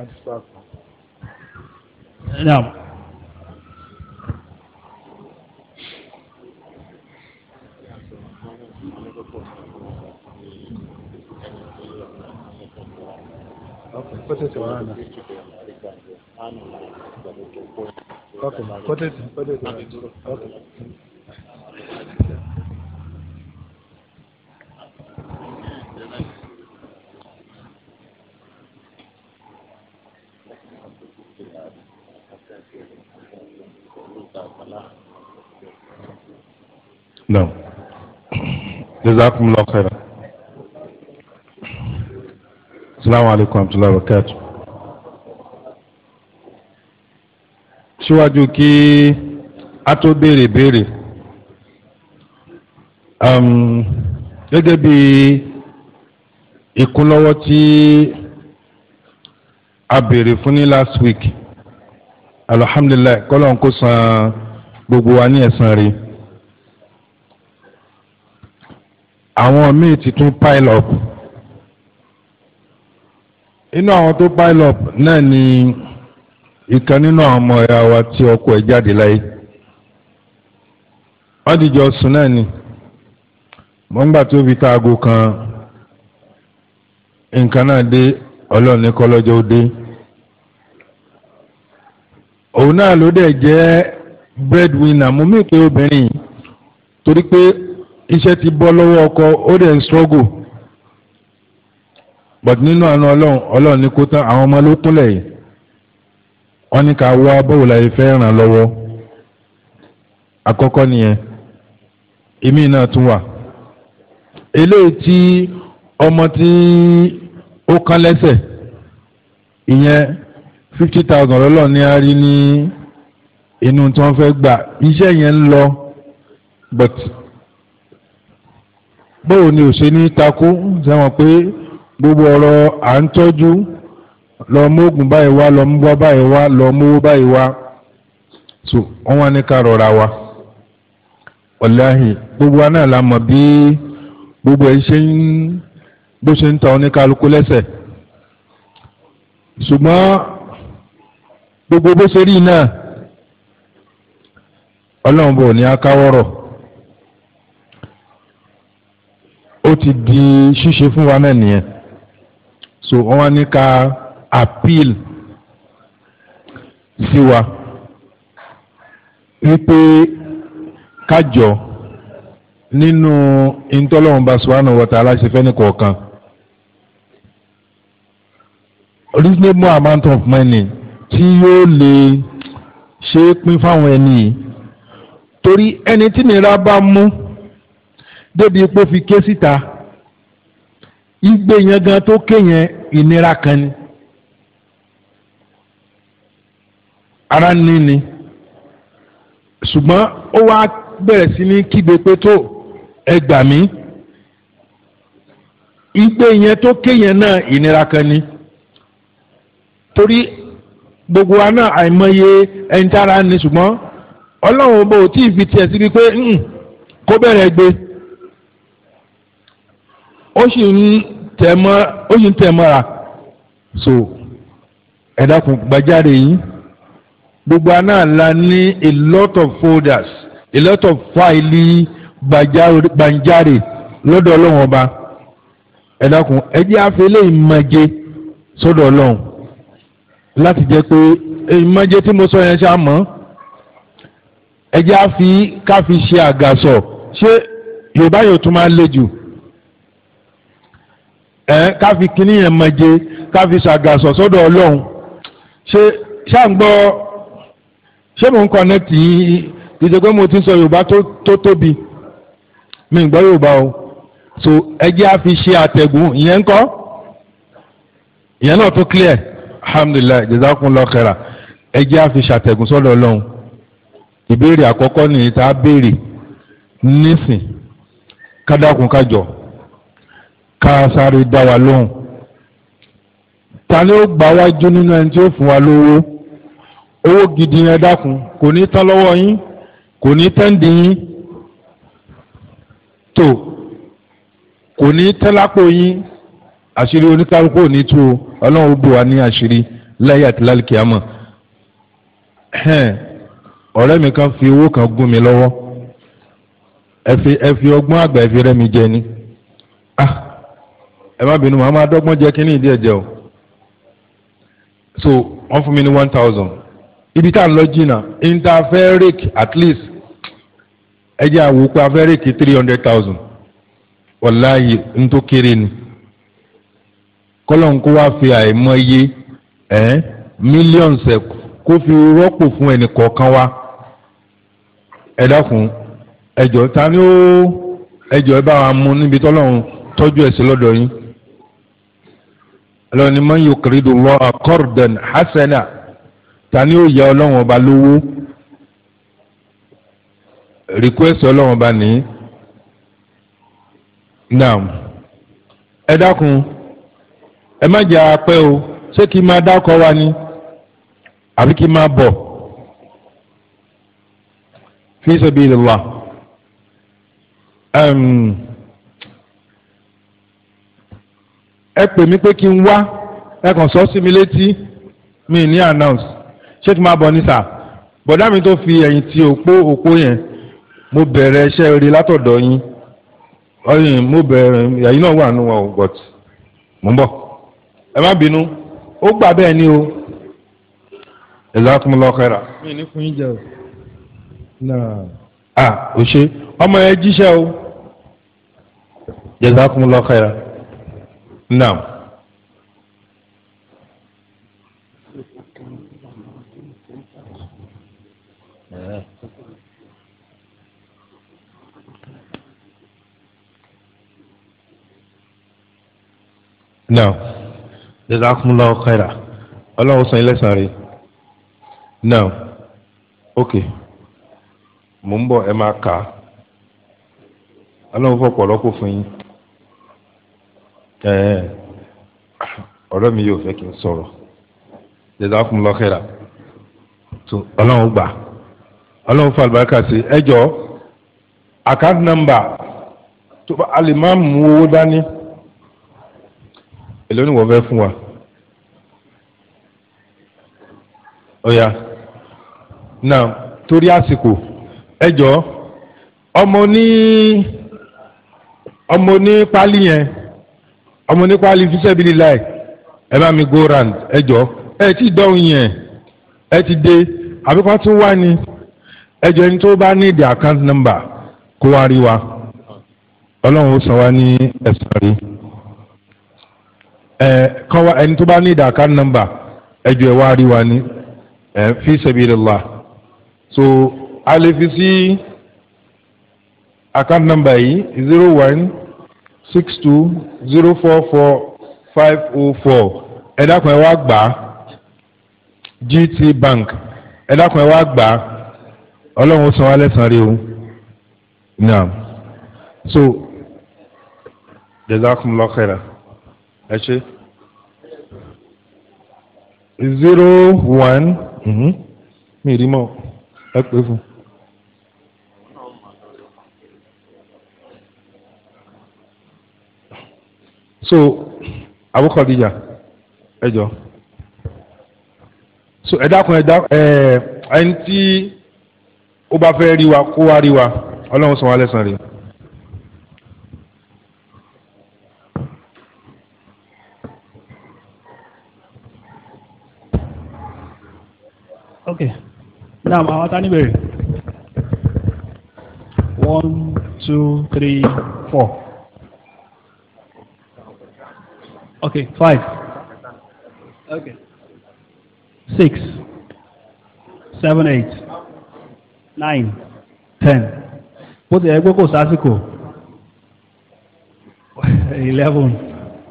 Naam. Kọ́tẹ̀tì wà náà. Kọ́tẹ̀tì kọ́tẹ̀tì. jazakumullahu khairan. Assalamu alaikum warahmatullahi wabarakatuh. síwájú kí a tó béèrè béèrè um, gẹ́gẹ́ bí ìkúnlọ́wọ́ tí a béèrè fún ní last week alhamdulilayi kọ́lọ́n kó san gbogbo wa ní ẹ̀san rẹ̀. àwọn míì ti tún pile up inú àwọn tó pile up náà ni ìkan nínú àwọn ọmọ ẹ̀yà wa tí ọkọ ẹ̀ jáde láyé wọ́n dìjọ sùn náà ni mọ̀ ńgbà tó fi taago kan nǹkan náà dé ọlọ́ọ̀ni kọ́lọ́jọ́ ó dé òun náà ló dẹ̀ jẹ́ breadwinner mo mí pé obìnrin torí pé iṣẹ́ ti bọ́ lọ́wọ́ ọkọ ó dẹ̀ ń struggle but nínú àánú ọlọ́run ọlọ́run ní kó tán àwọn ọmọ ló kúnlẹ̀ yìí wọ́n ní ká wá bọ́wọ́ la yìí fẹ́ ràn lọ́wọ́ àkọ́kọ́ nìyẹn èmi náà tún wà eléyìí tí ọmọ tí ó kán lẹ́sẹ̀ ìyẹn fifty thousand lọ́lọ́run ní a rí ní inú tí wọ́n fẹ́ gbà iṣẹ́ yẹn ń lọ but bóò ni ò ṣe ní takú ṣe wọn pé gbogbo ọ̀rọ̀ à ń tọ́jú lọ mọ́gùn báyìí wá lọ mọ́wá báyìí wá lọ mọ́wó báyìí wá so wọ́n wá ní ká rọra wa ọ̀láhì gbogbo wa náà la mọ̀ bí gbogbo ẹ̀ ṣe ń bó ṣe ń ta oníkálukú lẹ́sẹ̀ ṣùgbọ́n gbogbo bó ṣe rí náà ọlọ́run bò ní akáwọ́rọ̀. ó ti di ṣíṣe fún wa náà nìyẹn so wọ́n ní ká appeal sí wa wípé kájọ nínú ìtọ́lọ́mùbá subhanahu wa ta'ala ṣe fẹ́ nìkọ̀ọ̀kan reasonable amount of money tí yóò lè ṣe é pín fáwọn ẹni yìí torí ẹni tí nira bá mú débi pé ó fi ké síta igbe yẹn gan tó ké yẹn ìnira kan ni ara ní ni ṣùgbọ́n ó wá bẹ̀rẹ̀ sí ní kígbe pé tó ẹ mí igbe yẹn tó ké yẹn náà ìnira kan ni torí gbogbo wa náà àìmọye ẹni tára ni ṣùgbọ́n ọlọ́run bò tí ì fi tiẹ̀ síbi pé kó bẹ̀rẹ̀ gbé ó sì ń tẹ̀ ó sì ń tẹ̀ mọ́ra so ẹ dákun gbàjáde yìí gbogbo aná la ní a lot of folders a lot of fáìlì gbàjáde lọ́dọ̀ ọlọ́run ọba ẹ dákun ẹ jẹ́ àfẹ́lẹ́ ìmọ̀jẹ sọ́dọ̀ ọlọ́run láti jẹ́ pé ìmọ̀jẹ tí mo sọ yẹn ṣá mọ́ ẹ àfi káfi ṣe àgàsọ̀ ṣé yorùbá yóò tún máa le jù ẹ káfi kínní yẹn mọ̀jẹ káfi ṣàgàsọ̀ sọ́dọ̀ ọlọ́run ṣe ṣàǹgbọ́ ṣé mò ń kọ́nẹ́tì yín dídé pé mo ti sọ yorùbá tó tóbi mi gbọ́ yorùbá o so ẹjẹ́ á fi ṣe àtẹ̀gùn ìyẹn ń kọ́ ìyẹn náà tó clear alhamdulilayi jazakumullahu khaira ẹjẹ́ á fi ṣàtẹ̀gùn sọ́dọ̀ ọlọ́run ìbéèrè àkọ́kọ́ nìyí tá a béèrè nísìn kádàkùn kájọ ká sáré dá wa lóhùn ta ni ó gbà wájú nínú ẹni tí ó fún wa lówó owó gidi yẹn dákun kò ní tán lọ́wọ́ yín kò ní tán dì yín tó kò ní tán lápò yín àṣírí oníkálukú ò ní tú o ọlọ́run ó bò wá ní àṣírí láyé àti lálùkìyàmọ̀ ọ̀rẹ́ mi kan fi owó kan gún mi lọ́wọ́ ẹ fi ọgbọ́n àgbà ẹ fi rẹ́ mi jẹ ni. ẹ má bínú màá máa dọ́gbọ́n jẹ́ o so wọ́n fún mi ní one thousand ibi tá à ń lọ interferic at least ẹ jẹ́ àwò pé three hundred thousand wàláyé kéré ni kọ́lọ́n wá fi àìmọye iye millions ẹ̀ kó fi rọ́pò fún ẹnì kọ̀ọ̀kan ẹ dákun ta ni ó ẹ bá wa mú níbi tọ́lọ́run tọ́jú lọ́dọ̀ ọlọ́ni man yukridu Allah qardan hasana tani ó yá ọlọ́wọ́n ọba lówó request ọlọ́wọ́n ọba ní. naam ẹ dákun ẹ má jẹ́ apẹ́ o ṣé kí n máa dákọ̀ wá ni àbí kí n máa bọ̀ fi sabilillah. Um, ẹ pè mí pé kí n wá ẹ kàn sọ sí mi létí mi ní announce ṣé kí n máa bọ̀ ní sà bọ̀dá mi tó fi ẹ̀yìn ti òpó òpó yẹn mo bẹ̀rẹ̀ iṣẹ́ rí látọ̀dọ̀ yín ọyìn mo bẹ̀rẹ̀ ẹ̀yìn náà wà nù wọn but mo ń bọ̀ ẹ má bínú ó gbà bẹ́ẹ̀ ni o jazakumullahu khaira. mi ní fún yín jẹ o. ah o ṣe ọmọ ẹ jíṣẹ́ o jazakumullahu khaira. Naam. Naam. Jazakumullahu khaira. Ọlọ́run san ilé sáré. Naam. Ok. Mo ń bọ̀ ẹ máa kà á ọ̀rẹ́ mi yóò fẹ́ kí n sọ̀rọ̀ jazakumullahu khaira tó ọlọ́run gbà ọlọ́run fún àlùbáríkà sí ẹjọ́ account number tó bá a lè má mú owó dání èló ni wọ́n fẹ́ fún wa ọ̀ya náà torí àsìkò ẹjọ́ ọmọ ní ọmọ ní pálí yẹn ọmọ nípa alifisẹ́ bíi láì ẹ bá mi go round ẹ jọ ẹ ti dọ̀hún yẹn ẹ ti dé àbíkọ́ tún wá ní ẹ jọ ẹni tó bá ní the account number kó wá rí wa ọlọ́run ó san wá ní ẹ̀sán rí ẹ kọ́ wa ẹni tó bá ní the account number ẹ jọ ẹ wá rí wa ní ẹ fi sabilillah so alifisi account number yìí zero one six two zero four four five oh four ẹ dákun ẹ wá gbà á GT Bank ẹ dákun ẹ wá gbà á ọlọ́run ó san wá lẹ́sàn-án rí o naam so jazakumullahu khaira ẹ ṣe zero one mhm. mi rí mọ́ ẹ pé fún un. so Abu Khadija ẹ jọ so ẹ dákun ẹ dákun ẹ ẹni tí ó bá fẹ́ rí wa kó wá rí wa ọlọ́run sọ wá lẹ́sàn-án rẹ̀. ok now àwọn tá níbẹ̀rẹ̀ one two three four. Okay, five. Okay. Six. Seven, eight. Nine. Ten. Bó ti yẹ pé kò sásìkò. Eleven.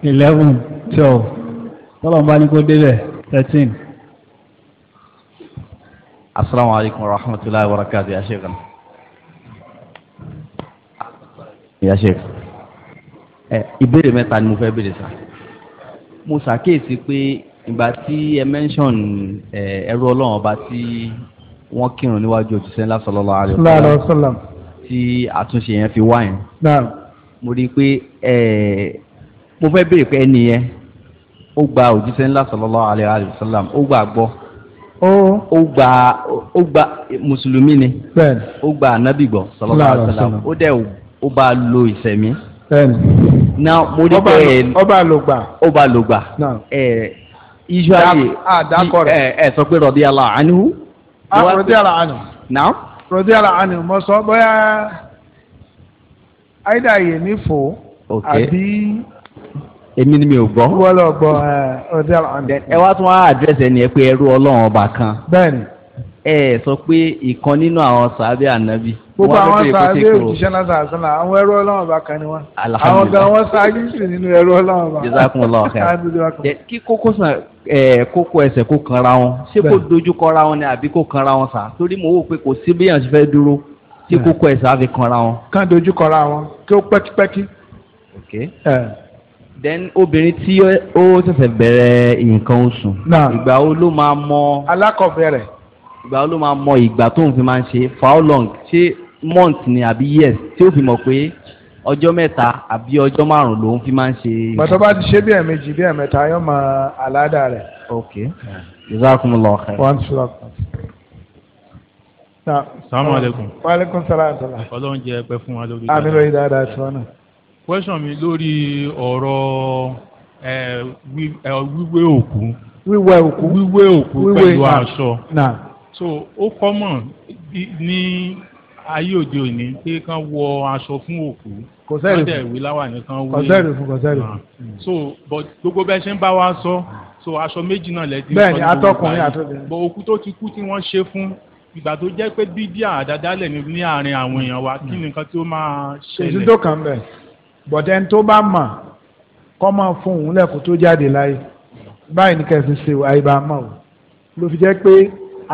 Eleven. Twelve. Tọ́lọ̀ ń bá ní kó débẹ̀. Thirteen. Asalaamu alaykum wa rahmatulahi wa barakatuh ya sheikh. Ya sheikh. ìbéèrè mẹ́ta ni mo fẹ́ béèrè sa mo ṣàkíyèsí pé ìgbà tí ẹ mẹ́ńsọ̀n ẹrú ọlọ́run ọba tí wọ́n kírun níwájú òjíṣẹ́ ńlá sallallahu alaihi wasallam tí àtúnṣe yẹn fi wá yẹn mo rí i pé mo fẹ́ béèrè pé ẹni yẹn ó gba òjíṣẹ́ ńlá sallallahu alaihi wasallam ó gbà gbọ́ ó gba ó gba mùsùlùmí ni ó gba ànábì gbọ́ sallallahu alaihi wasallam ó dẹ̀ ó bá lo ìsẹ̀mí now mo ní pé ọba lògbà ọba usually ah, ah, ẹ sọ pé rọdí ala anihu. a ah, rọdí ala anihu. na. rọdí ala anihu mo sọ bóyá aida yé mi ok èmi ni mi ò gbọ́. wọ́n lọ gbọ́ rọdí ala ẹ wá tún wá pé ẹrú ọlọ́run ọba kan. ẹ sọ pé ìkan nínú àwọn sàábé ànábì. gbogbo àwọn sàábé òjíṣẹ́ náà sàásánà àwọn ẹrú ọlọ́run bá kan ni wọ́n. àwọn gan wọn ṣáájú sí nínú ẹrú ọlọ́run bá. Jazakumullahu khairan. kí kókó sàn kókó ẹsẹ̀ kó kanra wọn ṣé kó dojú kọra wọn ni àbí kó kanra wọn sà torí mo wò pé kò sí bí yàn ṣe fẹ́ dúró tí kókó ẹsẹ̀ á fi kanra wọn. kán dojú kọra wọn kí ó pẹ́kípẹ́kí. Ok. Uh then obìnrin tí ó ṣẹ̀ṣẹ̀ bẹ̀rẹ̀ nǹkan oṣù. ìgbà wo ló máa mọ. alákọ̀ọ́bẹ̀rẹ̀ ìgbà wo ló máa mọ ìgbà tó ń fi máa ń ṣe for long ṣé month ni àbí years tí ó fi mọ̀ pé ọjọ́ mẹ́ta àbí ọjọ́ márùn-ún ló ń fi máa ń ṣe. bàtọ́ bá ti ṣe bí ẹ̀ẹ̀mejì bí ẹ̀ẹ̀mẹ́ta yóò mọ àládà rẹ̀. ok jazakumullahu khair. one slot. salamu aleykum. wa aleykum salaam salaam. ọlọ́run ẹgbẹ́ fún wa lórí. àmì lórí dáadáa tí wọ́n náà. question mi lórí ọ̀rọ̀ wíwé òkú. wíwé òkú. wíwé òkú pẹ̀lú aṣọ so ó kọ́mọ̀ ní ayé òde òní pé kán wọ aṣọ fún òkú kò sẹ́rì fún ìwé láwà ní kò sẹ́rì fún kò sẹ́rì fún. Ah, so but gbogbo bẹ́ẹ̀ ṣe ń bá wa sọ so aṣọ méjì náà lẹ́tí. bẹ́ẹ̀ni atọkùnrin atọkùnrin. bọ òkú tó ti kú tí wọ́n ṣe fún ìgbà tó jẹ́ pé bídíà àdádálẹ̀ ní àárín àwọn èèyàn wa kí nìkan tí ó máa ṣẹlẹ̀. èsì tó kàn bẹ̀ bọ̀dẹ́ tó bá mà kọ́ máa fún òun lẹ́kùn tó jáde láyé báyìí ní kẹsì ṣe àìbá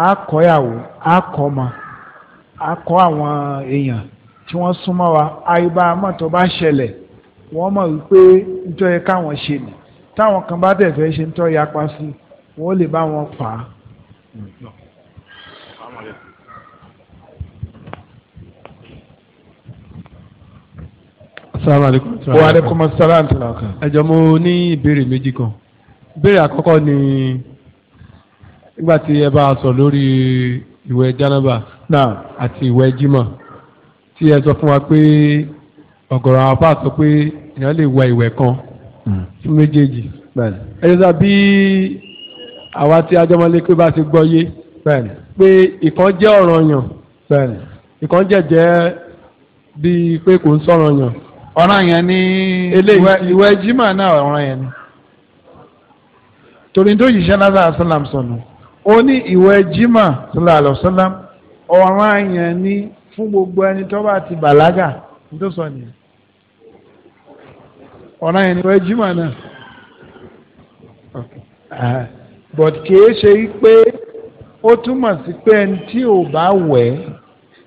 àkọ́yàwó àkọ́mọ àkọ́ àwọn èèyàn tí wọ́n súnmọ́ wa àyíbá mọ̀tọ́ bá ṣẹlẹ̀ wọ́n mọ̀ wípé nítorí yẹ káwọn ṣe nì táwọn kan bá dẹ̀ fẹ́ ṣe nítorí yẹ apá sí wọ́n lè bá wọn fà á. salaamaleykum. wa aleykum salaam. ẹ jọ̀ọ́ mo ní ìbéèrè méjì kan ìbéèrè àkọ́kọ́ ni nígbà tí ẹ bá sọ lórí ìwẹ̀ jánábà náà àti ìwẹ̀ jímọ̀ tí ẹ sọ fún wa pé ọ̀gọ̀rọ̀ àwọn apá sọ pé èèyàn lè wẹ̀ ìwẹ̀ kan hmm. fún méjèèjì ẹ jẹ́ sá bí àwa tí ajọ́mọlé pé bá ti gbọ́ yé pé ìkan jẹ́ ọ̀ranyàn ìkan jẹ̀jẹ́ bíi pé kò ń sọ̀rọ̀ yàn. ọ̀ràn yẹn ni ìwẹ̀ jímọ̀ náà ọ̀ràn yẹn ni torí tó yìí ṣẹ́ náà sàlám sọ̀nù ó ní ìwẹ̀ jimá sallallahu alaihi wasallam ọ̀ràn àyàn ni fún gbogbo ẹni tó bá ti bàlágà tó sọ nìyẹn ọ̀ràn àyàn ni ìwẹ̀ jimá náà but kìí ṣe pé ó túmọ̀ sí pé ẹni tí ò bá wẹ̀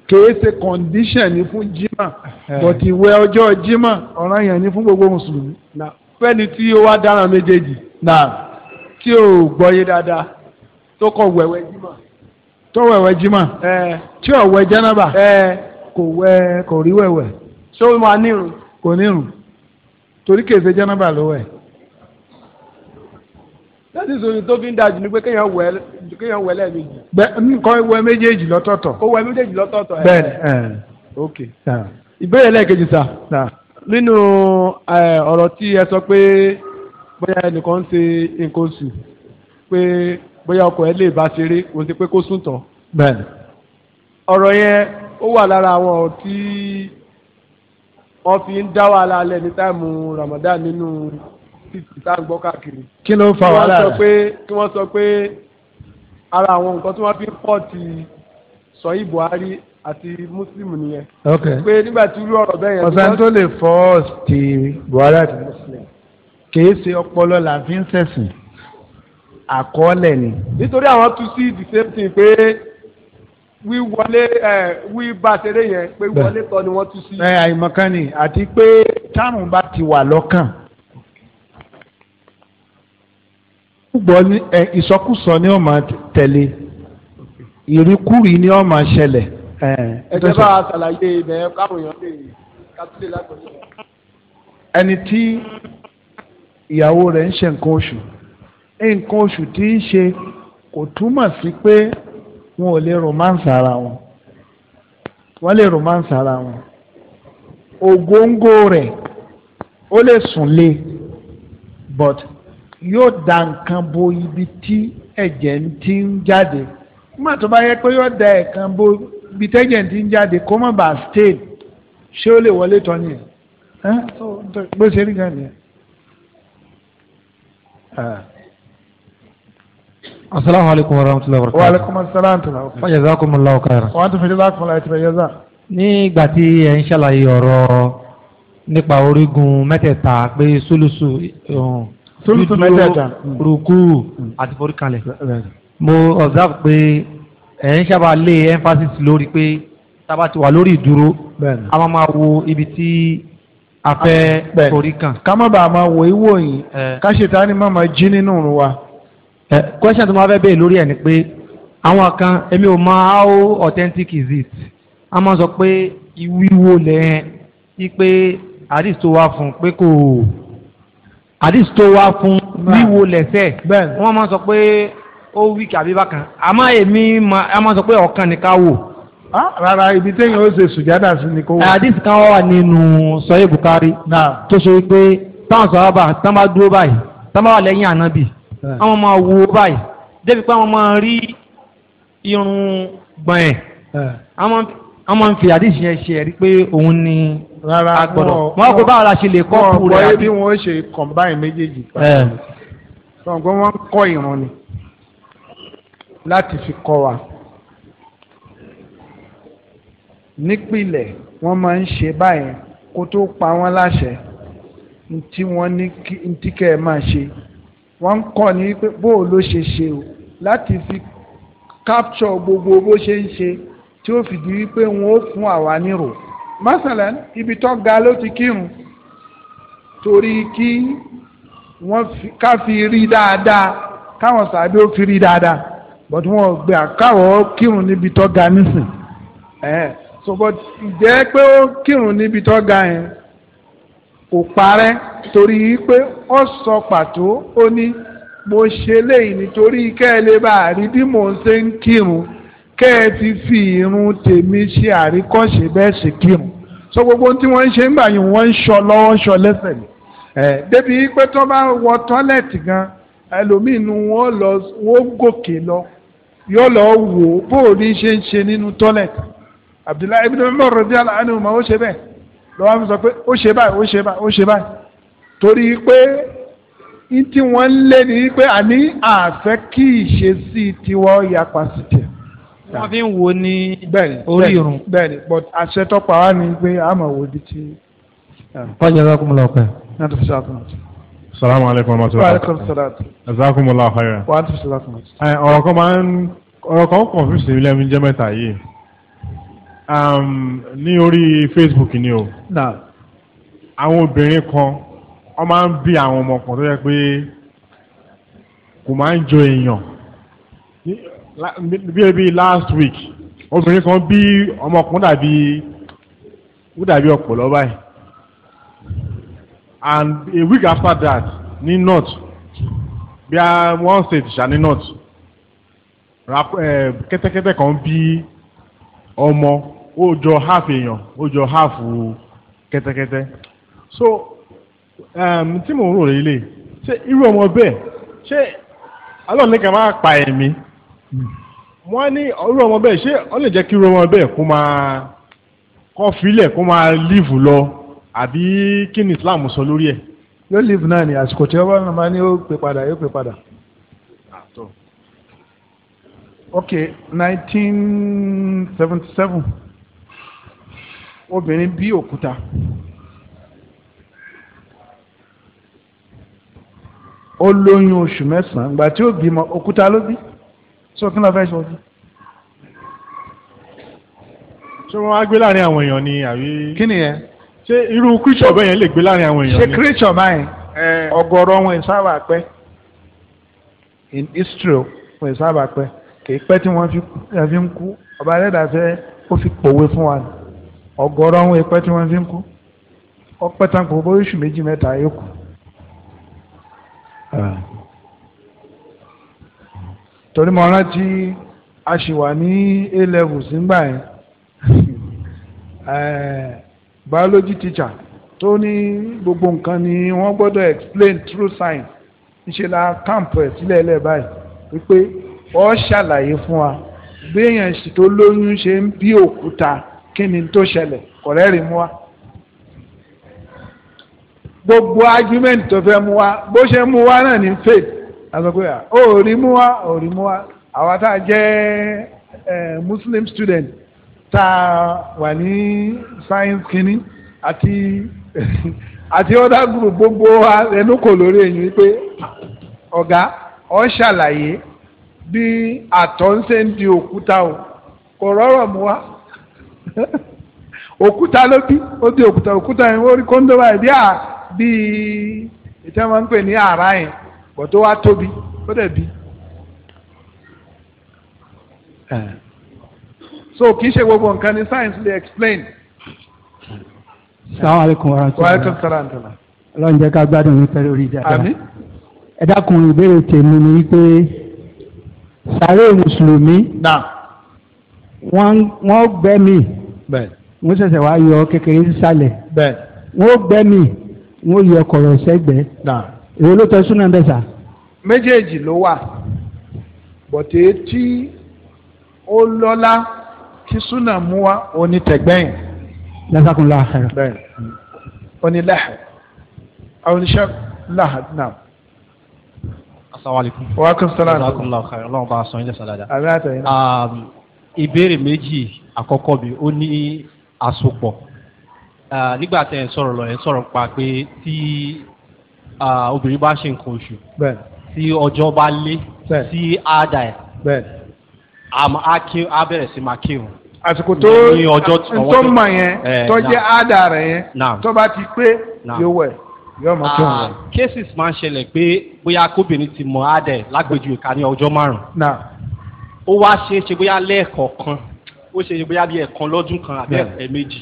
kìí ṣe condition ni fún jimá but ìwẹ̀ ọjọ́ jimá ọ̀ràn àyàn ni fún gbogbo mùsùlùmí fẹ́ni tí ó wá dára méjèèjì náà tí ò gbọ́yé dáadáa. tó kọ wẹ̀wẹ̀ jimá. tó wẹ̀wẹ̀ jimá. ẹ tí ò wẹ̀ jẹ́nàbà. ẹ kò wẹ̀ kò rí wẹ̀wẹ̀. ṣé o máa nírun. kò nírun torí kèsè jẹ́nàbà ló wẹ̀. láti sọ̀rọ̀ tó fi ń dájú ni pé kéèyàn wẹ̀ kéèyàn wẹ̀ lẹ́ẹ̀mejì. bẹ́ẹ̀ nǹkan wẹ̀ méjèèjì lọ́tọ̀ọ̀tọ̀. kó wẹ̀ méjèèjì lọ́tọ̀ọ̀tọ̀. ok. ìbéèrè lẹ́ẹ̀kejì sà. nínú ọ̀rọ̀ tí ẹ sọ pé bóyá ẹnìkan ń ṣe nǹkan oṣù pé bóyá ọkọ ẹ lè bá ṣeré o ti pé kó sùn tán. bẹ́ẹ̀ni. ọ̀rọ̀ yẹn ó wà lára àwọn tí wọ́n fi ń dá wàhálà alẹ́ ní táìmù Ramadan nínú títí tá à ń gbọ́ káàkiri. kí ló ń fa wàhálà rẹ̀. kí wọ́n sọ pé ara àwọn nǹkan tí wọ́n fi ń pọ̀ ti sọ̀yí Buhari àti Muslim nìyẹn. ok pé nígbà tí irú ọ̀rọ̀ bẹ́ẹ̀ yẹn. ọ̀sán tó lè fọ́ ti Buhari àti Muslim kì í ṣe ọpọlọ là ń fi àkọọ́lẹ̀ ni. nítorí àwọn tún sí the same thing pé wíwọlé ẹ wíbàṣẹrẹ yẹn pé wíwọlé tọ ni wọ́n tún sí. ẹ àìmọ̀kan ni àti pé tárùn bá ti wà lọ́kàn. gbọ́ ní ẹ ìsọkúsọ ni ó máa tẹ̀lé ìríkúrí ni ó máa ṣẹlẹ̀. ẹ̀jẹ̀ bá a ṣàlàyé ibẹ̀ káwọn èèyàn lè kátúlẹ̀ lágbàdo. ẹni tí ìyàwó rẹ̀ ń ṣe nǹkan oṣù. nǹkan oṣù tí ń ṣe kò túmọ̀ sí pé wọn ò lè ara wọn wọ́n lè romance ara wọn ògóńgó rẹ̀ ó lè sùn lé but yóò da bo ibi tí ẹ̀jẹ̀ ti ń jáde nígbà tó bá yẹ pé yóò da bo ibi ti ń jáde kó má bàa stain ṣé ó lè wọlé tán ni asalaamu alaykum wa rahmatulahi wa barakatuh. wa aleykum asalaam tala. wa jazakumullahu khairan. wa antum fi jazakumullahu khairan jaza. ní ìgbà tí ẹ ń ṣàlàyé ọ̀rọ̀ nípa orígun mẹ́tẹ̀ẹ̀ta pé sólùsù um, sólùsù mẹ́tẹ̀ẹ̀ta rúkú àti foríkalẹ̀ mo observe pé ẹ ń sábà lé emphasis lórí pé tába ti wà lórí ìdúró a máa ma wo ibi tí a fẹ́ forí kan. ká má bàa máa wo ìwòyìn ká ṣètá ni má máa jí nínú wa question tí mo fẹ́ bẹ́ẹ̀ lórí ẹ̀ ni pé àwọn kan èmi ò mọ how authentic is it a máa sọ pé wíwo lẹ́yìn sí pé àdìs tó wá fún pé kò àdìs tó wá fún wíwo lẹ́sẹ̀ wọ́n máa sọ pé ó wí kàbí bákan àmọ́ èmi a máa sọ pé ọ̀kan nìkan wò ah, rárá ibi téèyàn ó ṣe sùjádà sí ni kó wà. àdìsí kan wà nínú sọyé Bùkárì. tó ṣe pé táwọn sọ̀rọ̀ bá tán bá dúró báyìí tán bá wà lẹ́yìn ànábì àwọn máa wo báyìí débi pé àwọn máa rí irun gbọ̀n ẹ̀ àwọn máa ń fi àdìsí yẹn ṣe ẹ̀rí pé òun ni a gbọ́dọ̀ wọn kò báwo la ṣe lè kọ́ ọ̀pọ̀ rẹ̀ àti. bí wọ́n ṣe combine méjèèjì pàtàkì ṣùgbọ́n wọ́n ń kọ́ ìran ni láti fi kọ́ wa nípìlẹ̀ wọ́n máa ń ṣe báyẹn kó tó pa wọ́n láṣẹ ntí wọ́n ní ntí kẹ́ ẹ máa ṣe wọ́n ń kọ́ ni pé bó o ló ṣe ṣe o láti fi capture gbogbo bó ṣe ń ṣe tí ó fìdí wípé wọn ó fún àwa nírò masalan ibi tó ga ló ti kírun torí kí wọ́n ká fi rí dáadáa káwọn sàbí ó fi rí dáadáa but wọn ò gbé àkàwọ́ kírun níbi tó ga nísìn ẹ̀ so but ǹjẹ́ pé ó kírun níbi tó ga yẹn kò parẹ́ torí pé ó sọ pàtó ó ní mo ṣe léyìí nítorí kẹ́ ẹ lè bá a rí bí mò ń ṣe ń kírun kẹ́ ẹ ti fi irun tèmi ṣe àríkọ́ṣe bẹ́ẹ̀ ṣe kírun so gbogbo tí wọ́n ń ṣe ń gbà yìí wọ́n ń ṣọ lọ́wọ́ ṣọ lẹ́sẹ̀ ni ẹ̀ débi pé tó bá wọ tọ́lẹ̀tì gan ẹlòmínú wọn lọ wọn gòkè lọ yóò lọ wò bó ṣe ń ṣe nínú tọ́lẹ̀tì Abdullahi ibn Umar radiyallahu anhu ó ṣe bẹ́ẹ̀ lọ́wọ́ mi sọ pé ó ṣe báyìí ó ṣe báyìí ó ṣe báyìí torí pé ní tí wọ́n ń lé ni pé àní àfẹ́ kí ìṣesí tiwọ́ yapa sí tiẹ̀. wọ́n fi ń wo ní orí irun. bẹ́ẹ̀ni but àṣẹ tọpa wa ni pé a máa wo ibi tí. kọ́jà bá kún un lọ́kọ̀ ẹ̀. náà tó fi ṣáà kún un. salaamu aleykum wa rahmatulahi. wa aleykum salaam. jazakumullahu khairan. wa aleykum salaam. ọ̀rọ̀ kan máa ń ọ̀rọ̀ kan kàn fún sinmi lẹ́nu jẹ́ yìí um, ní orí Facebook ni o. àwọn obìnrin kan wọ́n máa ń bí àwọn ọmọ kan tó yẹ pé kò máa ń jọ èèyàn bí ebi last week obìnrin kan bí ọmọkùnrin dàbí ó dàbí ọ̀pọ̀lọ́ báyìí and a week after that ní north bí a one state ṣá ní north eh, kẹ́tẹ́kẹ́tẹ́ kan bí ọmọ ó jọ half èèyàn ó jọ half kẹ́tẹ́kẹ́tẹ́ so um, tí mò ń rò lélẹ̀ ṣé irú ọmọ bẹ́ẹ̀ ṣé alọ́ọ̀lẹ́kà máa pa ẹ̀mí wọ́n ní irú ọmọ bẹ́ẹ̀ ṣé ó lè jẹ́ kí irú ọmọ bẹ́ẹ̀ kó máa kọ́ filẹ̀ kó máa líìfù lọ àbí kí ni Islam sọ lórí ẹ̀. yóò líìfù náà ni àsìkò tí wọ́n bá máa ní ó pè padà yóò pè padà. ok nineteen seventy seven obìnrin bí òkúta. ó lóyún oṣù mẹ́sàn-án ìgbà tí ó bímọ òkúta ló bí sọ kí ló fẹ́ sọ sí. ṣé wọ́n á gbé láàrin àwọn èèyàn ni àbí. kí ni yẹn. ṣé irú creature bẹ́ẹ̀ yẹn lè gbé láàrin àwọn èèyàn ni. ṣé creature máa yẹn wọn ìsáàbà pẹ́ in Israel wọn ìsáàbà pẹ́ kì í pẹ́ tí wọ́n fi ń kú ọba rẹ̀dà fẹ́ ó fi pòwe fún wa ni ọ̀gọ̀rọ̀ àwọn ìpẹ́ tí wọ́n fi ń kú ọpẹ́ tán kò bó oṣù méjì mẹ́ta yòókù. Ah. torí mo rántí a ṣì wà ní a level sígbà yẹn eh, biology teacher tó ní gbogbo nǹkan ni wọ́n gbọ́dọ̀ explain true science ìṣe la camp ẹ̀ sílẹ̀ ẹlẹ́ báyìí wípé ọ ṣàlàyé fún wa béèyàn sì tó lóyún ṣe ń bí òkúta kí ni tó ṣẹlẹ̀ kò rẹ́rìí mú wa gbogbo argument tó fẹ́ mú wa bó ṣe mú wa náà ní faith àgbẹ̀gbẹ̀ ó rí mú wa ó rí mú wa àwa tá a jẹ́ muslim student tá a wà ní science kínní àti àti other group gbogbo wa ẹnu kò lórí ẹ̀yìn wípé ọ̀gá ọ̀ ń ṣàlàyé bí àtọ̀ ń ṣe ń di òkúta o kò rọrọ̀ mú wa. òkúta ló bí ó di òkúta òkúta yẹn ó rí kóńdó báyìí bí à bíi ìtẹ́ wọn ń pè ní bi so kì ṣe gbogbo nǹkan ni science explain. sàwọn alekun wa rahmatulah wa alekun sara ntala. ọlọ́run jẹ́ ká gbádùn mi pẹ́ lórí dáadáa. ẹ dákun ìbéèrè tèmi ni wọ́n gbẹ́ mi wọ́n ṣẹ̀ṣẹ̀ wá yọ kékeré sísàlẹ̀ wọ́n gbẹ́ mi wọ́n yọ kọ̀rọ̀ sẹ́gbẹ́ èwo ló tọ́ súnà bẹ́ẹ̀ sà. méjèèjì ló wà bọ̀tẹ́ tí ó lọ́lá tí súnà mú wa òní tẹ̀gbẹ́yìn. lásàkùn láàárọ̀. bẹ́ẹ̀ òní láàárọ̀ àwọn oníṣẹ́ láàárọ̀ náà asalaamualeykum. wa alaykum salaam. wa rahmatulahi wa barakatuh. bá a sọ yín lẹ́sàn-án dáadáa. àmì àtẹ̀yìn náà. Um, ìbéèrè méjì àkọ́kọ́ mi ó ní àsopọ̀ nígbà tẹ́ ẹ̀ sọ̀rọ̀ lọ ẹ̀ sọ̀rọ̀ pa pé tí obìnrin bá ṣe nǹkan oṣù tí ọjọ́ bá lé sí àádá ẹ̀ á bẹ̀rẹ̀ sí máa kírun. àsìkò tó tó mọ̀ yẹn tó jẹ́ àádá rẹ̀ yẹn tó bá ti pé yóò wẹ̀ yóò máa kírun rẹ̀. cases máa ń ṣẹlẹ̀ pé bóyá kóbìnrin ti mọ àádá ẹ̀ lágbèjú ìka ọjọ́ márùn-ún ó wá ṣe é ṣe bóyá lẹ́ẹ̀kọ̀ọ̀kan ó ṣe é ṣe bóyá bí ẹ̀kan lọ́dún kan àbí ẹ̀kan méjì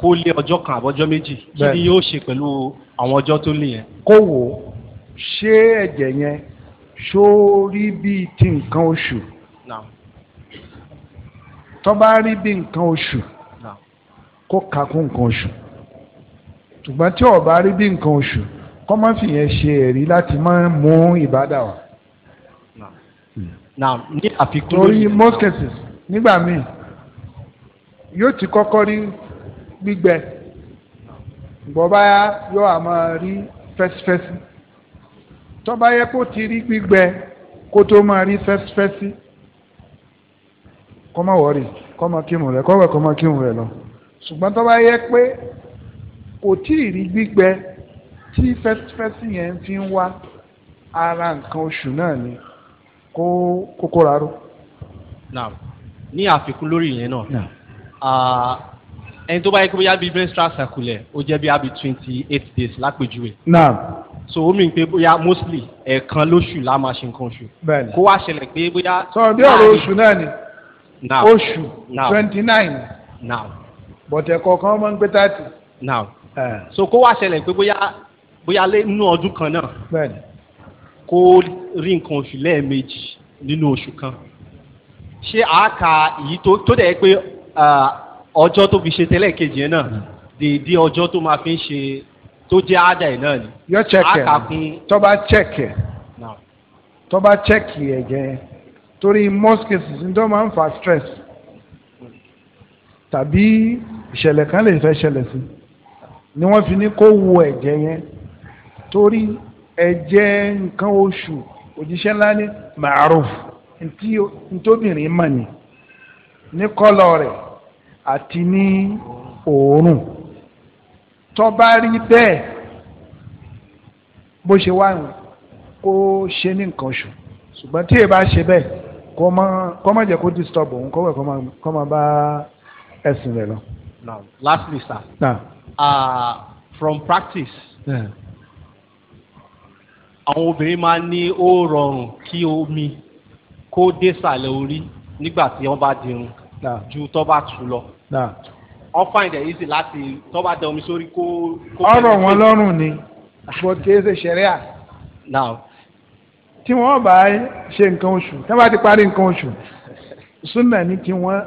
kó lé ọjọ́ kan àbọ́jọ́ méjì kí ni yóò ṣe pẹ̀lú àwọn ọjọ́ tó lé yẹn. kó wò ó ṣé ẹ̀jẹ̀ yẹn ṣó rí bíi ti nǹkan oṣù tó bá rí bíi nǹkan oṣù kó kà kún nǹkan oṣù ṣùgbọ́n tí ó bá rí bíi nǹkan oṣù kó má fìyẹn ṣe ẹ̀rí láti má mú ìbádà wá now ní àfikún. torí most cases nígbà míì yóò ti kọ́kọ́ rí gbígbẹ bọ́bá yóò àmọ́ rí fẹ́sífẹ́sí tọ́ba yẹ kó ti rí gbígbẹ kó tó máa rí fẹ́sífẹ́sí kọ́mọ wọ̀rì kọ́mọ kírun rẹ̀ kọ́wẹ̀ kọ́mọ kírun rẹ̀ lọ ṣùgbọ́n tọ́ba yẹ pé kò tí ì rí gbígbẹ tí fẹ́sífẹ́sí yẹn fi ń wá ara nǹkan oṣù náà ni kó kókó rárú. naam ní àfikún lórí ìyẹn náà ẹni tó bá yẹ kó bóyá bíi menstrual circle ó jẹ́ bí abi twenty eight days lápèjúwe. naam so ó mìíràn pé bóyá mostly ẹ̀ẹ̀kan lóṣù la máa ṣe nǹkan oṣù. bẹ́ẹ̀ni kó wá ṣẹlẹ̀ pé bóyá. sọ̀rọ̀ bí ọ̀rọ̀ oṣù náà ni oṣù twenty nine bọ̀tẹ̀ kọ̀ọ̀kan máa ń gbé thirty. so kó wá ṣẹlẹ̀ pé bóyá bóyá lé nínú ọdún kan náà kó rí nǹkan oṣù lẹ́ẹ̀mejì nínú oṣù kan ṣé àáka èyí tó dẹ̀ pé ọjọ́ tó fi ṣe tẹ́lẹ̀ kejì yẹn náà dèédé ọjọ́ tó máa fi ń ṣe tó jẹ́ àádà yìí náà ni. yọ chẹkẹ tó bá chẹkẹ tó bá chẹkì ẹ̀jẹ̀ yẹn torí most cases tó máa ń fa stress tàbí ìṣẹ̀lẹ̀ kan lè fẹ́ ṣẹlẹ̀ sí ni wọ́n fi ní kó wo ẹ̀jẹ̀ yẹn torí Eje nǹkan oṣù òjíṣẹ́ ńlá ní maruf ntóbìnrin mà ní ní kọ́lọ̀ rẹ̀ àti ní òórùn tó rí bẹ́ẹ̀ bó ṣe wá kó ṣe ní nǹkan oṣù ṣùgbọ́n tí èyí bá ṣe bẹ́ẹ̀ kó jẹ́ kó disturb òun kó bá ẹ̀sìn rẹ̀ lọ. now lastly sir. Nah. Uh, from practice. àwọn obìnrin máa ní ó rọrùn kí omi kó dé sàlẹ̀ orí nígbà tí wọ́n bá dirun ju tó bá tù lọ wọ́n find it easy láti tó bá da omi sórí kó. ọ̀rọ̀ wọn lọ́rùn ni bó ti ṣe ṣẹ̀ríà. tí wọ́n bá ṣe nǹkan oṣù tí wọ́n bá ti parí nǹkan oṣù súnà ní kí wọ́n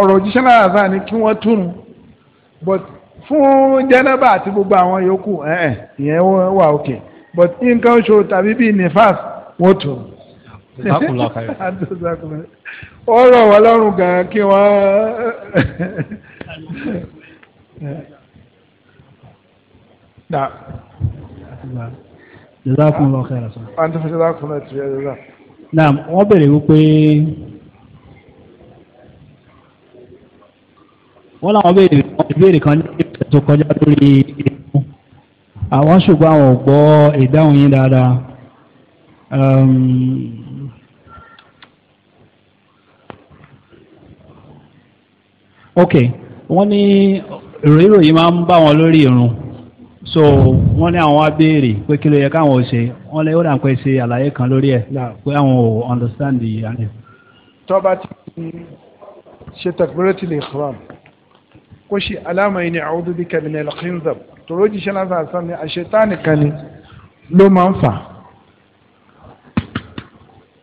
ọ̀rọ̀ òjíṣẹ́ náà sáà ní kí wọ́n túrun but fún jẹ́nẹ́bà àti gbogbo àwọn yòókù ẹ̀ẹ́ ìyẹn wà òkè. Okay but nǹkan oṣù tàbí bíi nifas wọ́n tó. ó rọ̀ wá lọ́rùn gan kí wọ́n. jazakum allah khairan sa. wọ́n ti fi jazakum allah ti fi jazakum. naam wọ́n bèrè wípé. wọ́n làwọn béèrè kan ní ìbéèrè tó kọjá lórí àwọn ṣùgbọ́n àwọn ò gbọ́ ìdáhùn yín dáadáa um, ok wọ́n ní ìròyìnrò yìí máa ń bá wọn lórí irun so wọ́n ní àwọn á béèrè pé kí ló yẹ káwọn ò ṣe wọ́n lè ó dà ń pẹ́ ṣe àlàyé kan lórí ẹ̀ pé àwọn ò understand the yìí. tọ́ba ti ṣe takbiratul ihram kó ṣe alámọ̀ yìí ni a'udhu bika minal khinzab tòró jíṣẹ́ lásán àṣà ni àṣetá nìkan ni ló máa ń fà.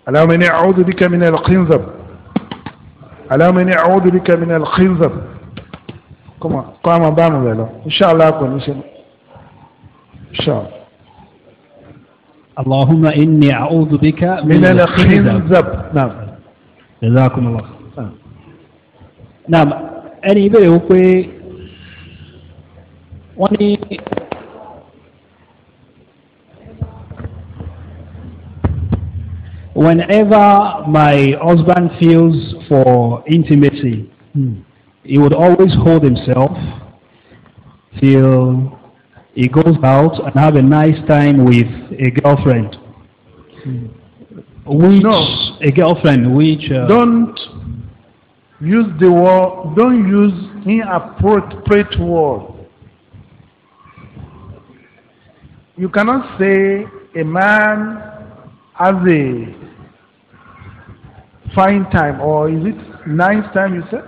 Allahumma inni a'udhu bika min al-khinzab Allahumma inni a'udhu bika min al-khinzab kọ́mọ kọ́mọ bá mi lọ inṣàlá kò ní ṣe inṣàlá. اللهم إني أعوذ بك من, من الخنزب نعم جزاكم الله نعم ẹni ìbéèrè whenever my husband feels for intimacy, hmm, he would always hold himself till he goes out and have a nice time with a girlfriend. Hmm. Which no. a girlfriend which uh, don't use the word don't use inappropriate word You cannot say a man has a fine time, or is it nice time you said?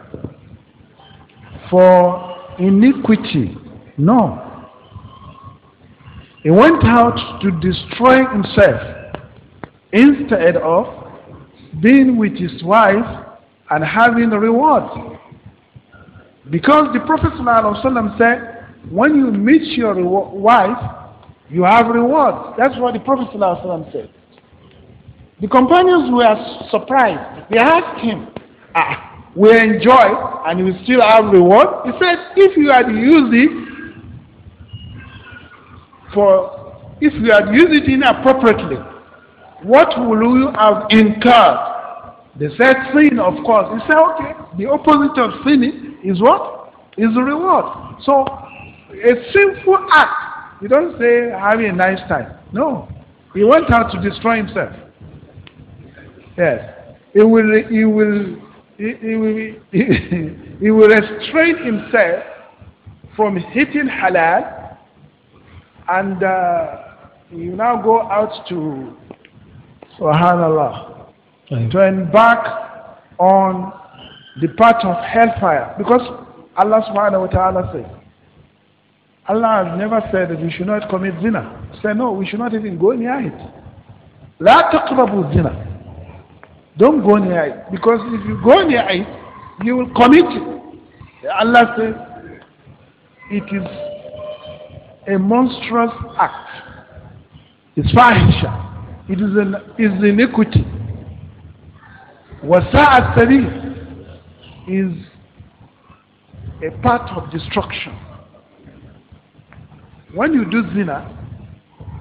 For iniquity. No. He went out to destroy himself instead of being with his wife and having the reward. Because the Prophet said, when you meet your wife, you have rewards. That's what the Prophet ﷺ said. The companions were surprised. They asked him, ah, we enjoy and you still have reward? He said, if you had used it for, if you had used it inappropriately, what will you have incurred? They said sin, of course. He said, okay, the opposite of sin is what? Is reward. So, a sinful act you don't say having a nice time. No. He went out to destroy himself. Yes. He will he will he, he will, he, he will restrain himself from hitting halal and uh, he now go out to subhanallah to embark on the path of hellfire because Allah subhanahu wa ta'ala says Allah has never said that we should not commit zina. He said, no, we should not even go near it. لا تقربوا zina. Don't go near it. Because if you go near it, you will commit it. Allah says, it is a monstrous act. It's fahisha. It is an is iniquity. Wasa'at is a part of destruction. when you do zina,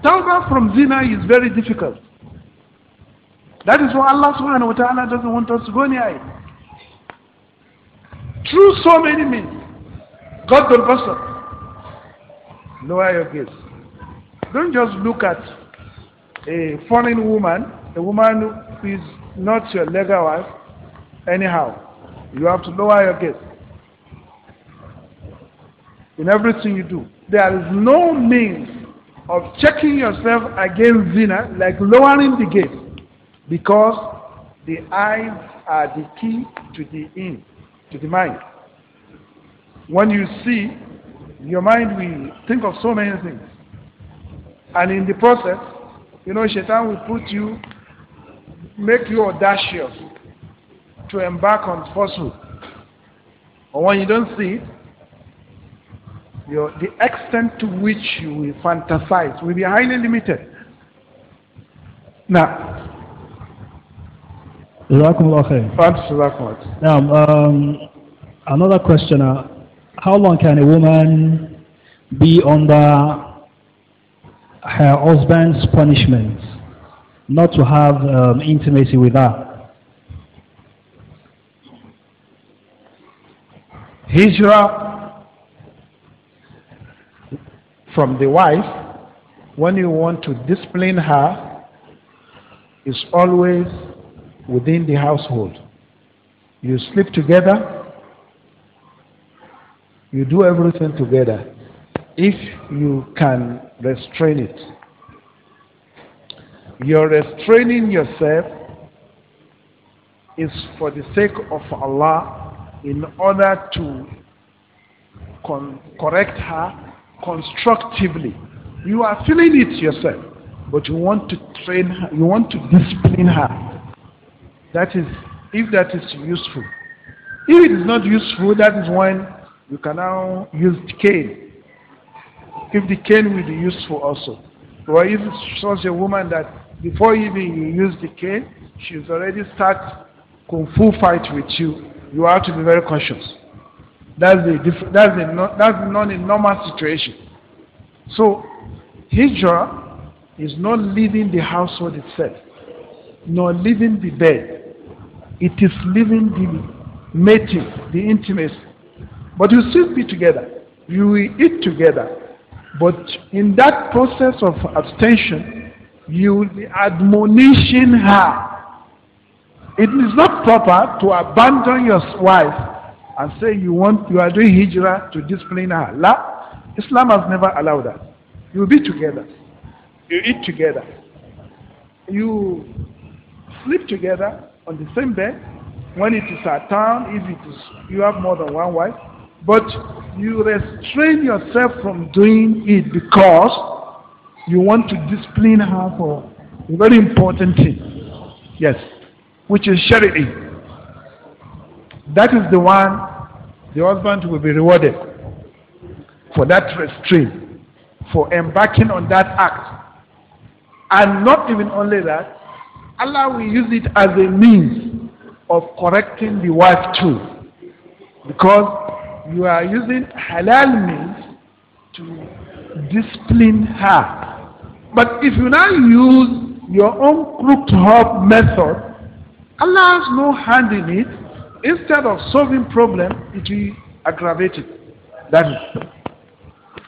tawbah from zina is very difficult. That is why Allah subhanahu wa ta'ala doesn't want us to go near it. Through so many means. God will Basar. Lower your gaze. Don't just look at a foreign woman, a woman who is not your legal wife, anyhow. You have to lower your gaze. In everything you do there is no means of checking yourself against zina like lowering the gate because the eyes are the key to the in to the mind when you see your mind will think of so many things and in the process you know shaitan will put you make you audacious to embark on falsehood or when you don't see it your, the extent to which you will fantasize will be highly limited. Now, now um, another question: uh, How long can a woman be under her husband's punishment not to have um, intimacy with her? Hijrah from the wife when you want to discipline her is always within the household. You sleep together, you do everything together if you can restrain it. You're restraining yourself is for the sake of Allah in order to correct her constructively. You are feeling it yourself, but you want to train her, you want to discipline her. That is, if that is useful. If it is not useful, that is when you can now use the cane. If the cane will be useful also. Or if it shows a woman that before even you use the cane, she's already start kung fu fight with you, you have to be very cautious. That's a that's a no, that's not a normal situation. So hijrah is not leaving the household itself, nor leaving the bed. It is leaving the mating, the intimacy. But you still be together. You will eat together. But in that process of abstention, you will be admonishing her. It is not proper to abandon your wife and say you want you are doing hijrah to discipline her. La, Islam has never allowed that. You be together, you eat together, you sleep together on the same bed. When it is a town, if it is you have more than one wife, but you restrain yourself from doing it because you want to discipline her for a very important thing. Yes, which is charity. That is the one the husband will be rewarded for that restraint, for embarking on that act. And not even only that, Allah will use it as a means of correcting the wife too. Because you are using halal means to discipline her. But if you now use your own crooked up method, Allah has no hand in it instead of solving problem, it will aggravate it. That is.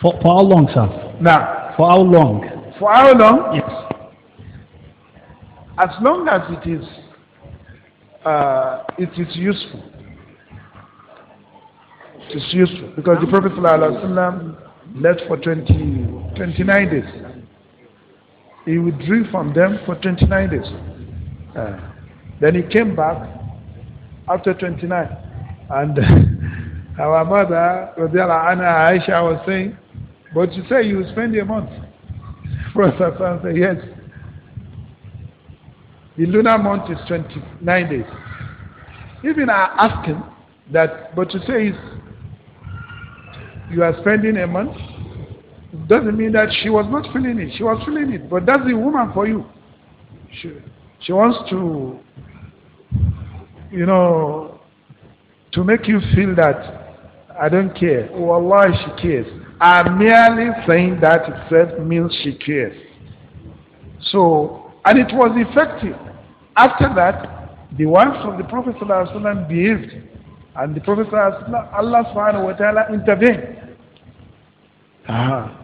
For, for how long, sir? Now. For how long? For how long? Yes. As long as it is, uh, it is useful. It is useful because the Prophet ﷺ left for 20, 29 days. He withdrew from them for 29 days. Uh, then he came back after 29. And our mother, Radiallahu Anna Aisha, was saying, but you say you spend a month. Prophet said, yes. The lunar month is 29 days. Even I asked him that, but you say you are spending a month. doesn't mean that she was not feeling it. She was feeling it, but that's the woman for you. She, she wants to you know, to make you feel that I don't care. Oh Allah, she cares. I'm merely saying that itself means she cares. So, and it was effective. After that, the wives of the Prophet ﷺ behaved, and the Prophet ﷺ, Allah subhanahu wa taala intervened. Ah.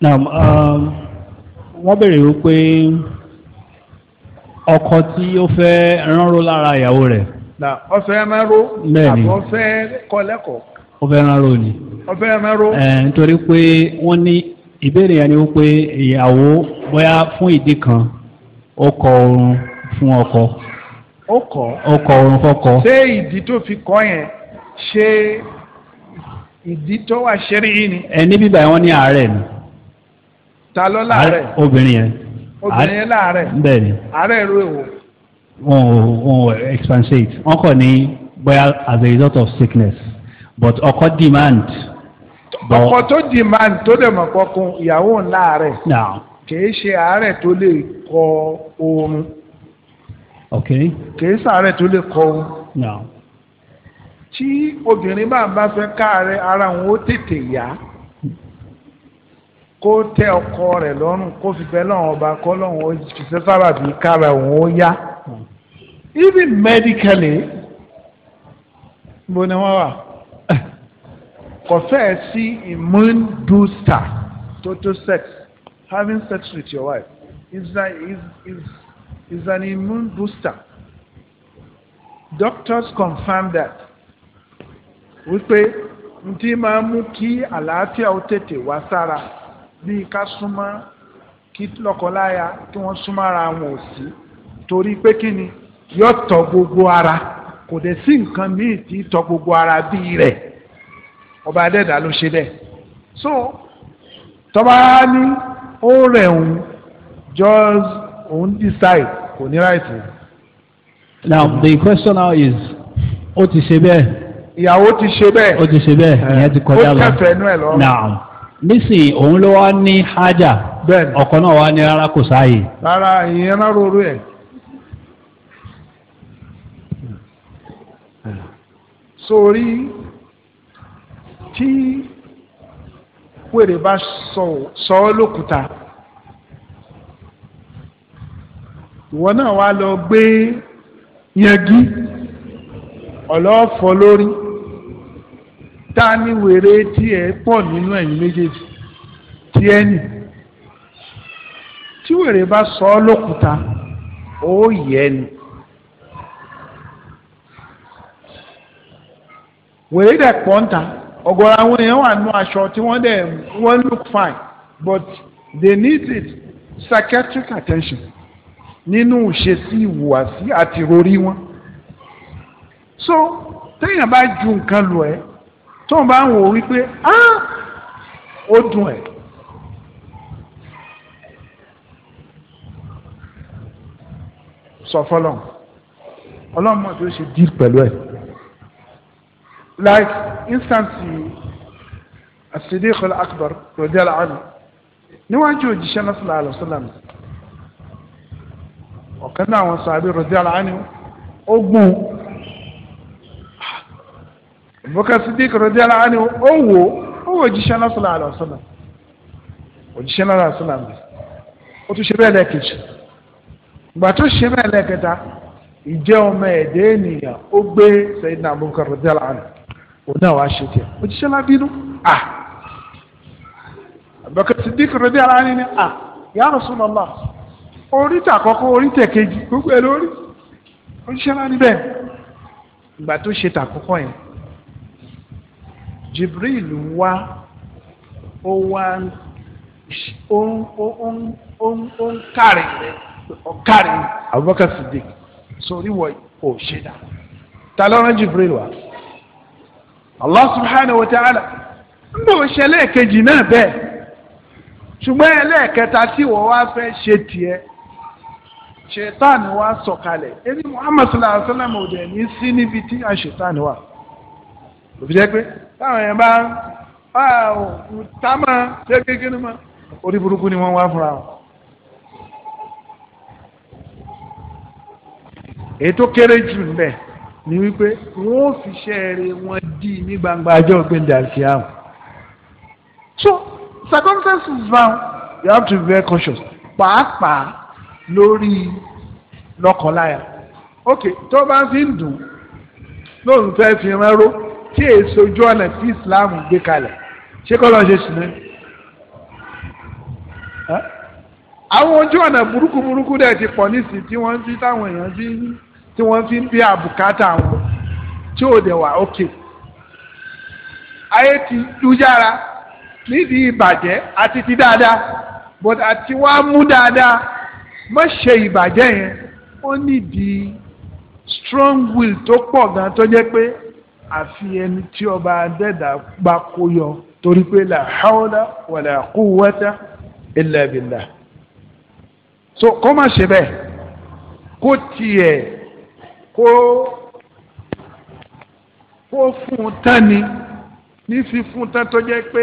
Now, um, what wọ́n you wípé ọkọ tí ó fẹ́ ránró lára ìyàwó rẹ̀. na ọfẹ mẹrú àbí ọfẹ kọlẹkọ. ọfẹ ránró ni. ọfẹ mẹrú. ẹ nítorí pé wọ́n ní ìbéèrè yẹn ni wípé ìyàwó bóyá fún ìdí kan ó kọ oorun fún ọkọ. ó kọ. ó kọ oorun fọkọ. ṣé ìdí tó fi kọ yẹn ṣé ìdí tó wà ṣẹ́rí yìí ni. ẹ níbí báyìí wọ́n ní àárẹ̀ ni. ta ló láàárẹ̀. obìnrin yẹn obìnrin yẹn láàárẹ̀ bẹ́ẹ̀ni àárẹ̀ ru èwo. wọn ò wọn ò expansate wọn kàn ní bóyá as a result of sickness but ọkọ demand. ọkọ tó demand tó dẹ̀ mọ̀ kọkun ìyàwó ńlá rẹ̀ kìí ṣe àárẹ̀ tó lè kọ oorun kìí ṣàárẹ̀ tó lè kọ oorun tí obìnrin bá ń bá fẹ́ káàárẹ̀ ara òun ó tètè yá. No kó tẹ ọkọ rẹ̀ lọ́rùn kó fi bẹ lọ́rùn ọba kọ lọ́rùn ó fi ṣe sábàbí kára òun ó yá even medically bó ni wọ́n wà kò fẹ́ẹ̀ sí immune booster total sex having sex with your wife is a, is is is an immune booster doctors confirm that wípé n tí máa mú kí àlàáfíà ó tètè wá sára bíi ká súnmọ́ kí lọ́kọláya kí wọ́n súnmọ́ ara wọn ò sí torí pé kí ni yóò tọ gbogbo ara kò dẹ̀ sí nǹkan míì tí tọ gbogbo ara bíi rẹ̀ ọba adẹ́dà ló ṣe bẹ́ẹ̀ so tọ́ba ní ó rẹ̀ òun just òun decide kò ní ráìtì. now the question now is ó ti ṣe bẹ́ẹ̀. ìyàwó ti ṣe bẹ́ẹ̀. ó ti ṣe bẹ́ẹ̀ ìyẹn ti kọjá lọ. ó kẹfẹ́ inú ẹ̀ lọ. now. nísìnyí òun ló wá ní hájà ọkọ náà wá ní rárá kò sáàyè. rárá ìyẹn náà rò rú ẹ. sórí tí wèrè bá sọ ọ lókùúta ìwọ náà wá lọ gbé yangi ọlọ́fọ́ lórí. ta ni wèrè tiẹ̀ pọ̀ nínú ẹ̀yin méjèèjì tiẹ̀ nì tí wèrè bá sọ ọ́ lókùúta ó yẹ ni. wèrè dẹ̀ pọ̀ ń ta ọ̀gọ̀rọ̀ àwọn èèyàn wà nínú aṣọ tí wọ́n dẹ̀ wọ́n look fine but they need it psychiatric attention nínú ìṣesí ìhùwàsí àti ìrorí wọn. so téèyàn bá ju nǹkan lù ẹ́ tó ń bá ń wò wípé á ó dùn ẹ̀. sọ fọlọ́n ọlọ́mọ tó ṣe díì pẹ̀lú ẹ̀ like instance asidik al-akbar rọdíàlá àná níwájú òjíṣẹ́ náà sallallahu alaihi wasallam ọ̀kan náà àwọn sàbí rọdíàlá àná ó gún un. Abubakar Siddiq radiyallahu anhu ó wò ó wò jíṣẹ́ náà sallallahu alaihi wasallam òjíṣẹ́ náà sallallahu alaihi wasallam tún ṣe bẹ́ẹ̀ lẹ́ẹ̀kejì ìgbà tó ṣe bẹ́ẹ̀ lẹ́ẹ̀kẹta ìjẹ́ ọmọ ẹ̀dẹ́ ènìyàn ó gbé Sayyidina Abubakar radiyallahu anhu òun náà wàá ṣe tiẹ̀ òjíṣẹ́ náà bínú à Abubakar ni ya Rasulullah orí tà kọ́kọ́ orí tẹ̀ kejì gbogbo ẹ̀ lórí òjíṣẹ́ náà níbẹ̀ ṣe tà kọ́kọ́ yẹn Jibril wá ó wá ó ń ó ń ó ó ń Abubakar Siddiq sori wọ o ṣe dá ta ló rán Jibril wá Allah subhanahu wa ta'ala ń bò ṣẹlẹ̀ kejì náà bẹ́ẹ̀ ṣùgbọ́n ẹlẹ́ẹ̀kẹta tí wọ́n wá fẹ́ ṣe tiẹ̀ ṣètàn wa sọ̀kalẹ̀ ẹni sallallahu alayhi wa sallam ní a wa òfin táwọn èèyàn bá tá máa ṣe kékeré máa orí burúkú ni wọ́n wá fúnra wọn. èyí tó kéré jù níbẹ̀ ni wípé wọ́n fi ṣẹ́ẹ̀rẹ̀ wọn dì ní gbangba ajọ́ pé ń dàrí sí so circumstances bound you have to be very cautious pàápàá lórí lọ́kọláya ok tó bá fi ń dùn lóun fẹ́ fi rán ró tí èyí sojú ọ̀nà tí Islam gbé kalẹ̀ ṣé kọ́ ló ń ṣe ṣìnà. àwọn ojú ọ̀nà burúkú burúkú dẹ̀ ti pọ̀ nísìnyí tí wọ́n fi táwọn èèyàn fi tí wọ́n fi ń bí àbùkátà wọn tí ò dẹ̀ wà ókè. ayé ti dújára nídìí ìbàjẹ́ àti ti dáadáa but àti wá mú dáadáa má ṣe ìbàjẹ́ yẹn ó nídìí strong will tó pọ̀ gan tó jẹ́ pé àfi ẹni tí ọba adẹ́dà bá kó yọ torí pé la hawla wala quwwata illa billah so kó má ṣe bẹ́ẹ̀ kó tiẹ̀ kó kó fún un tán ni ní fífún tán tó jẹ́ pé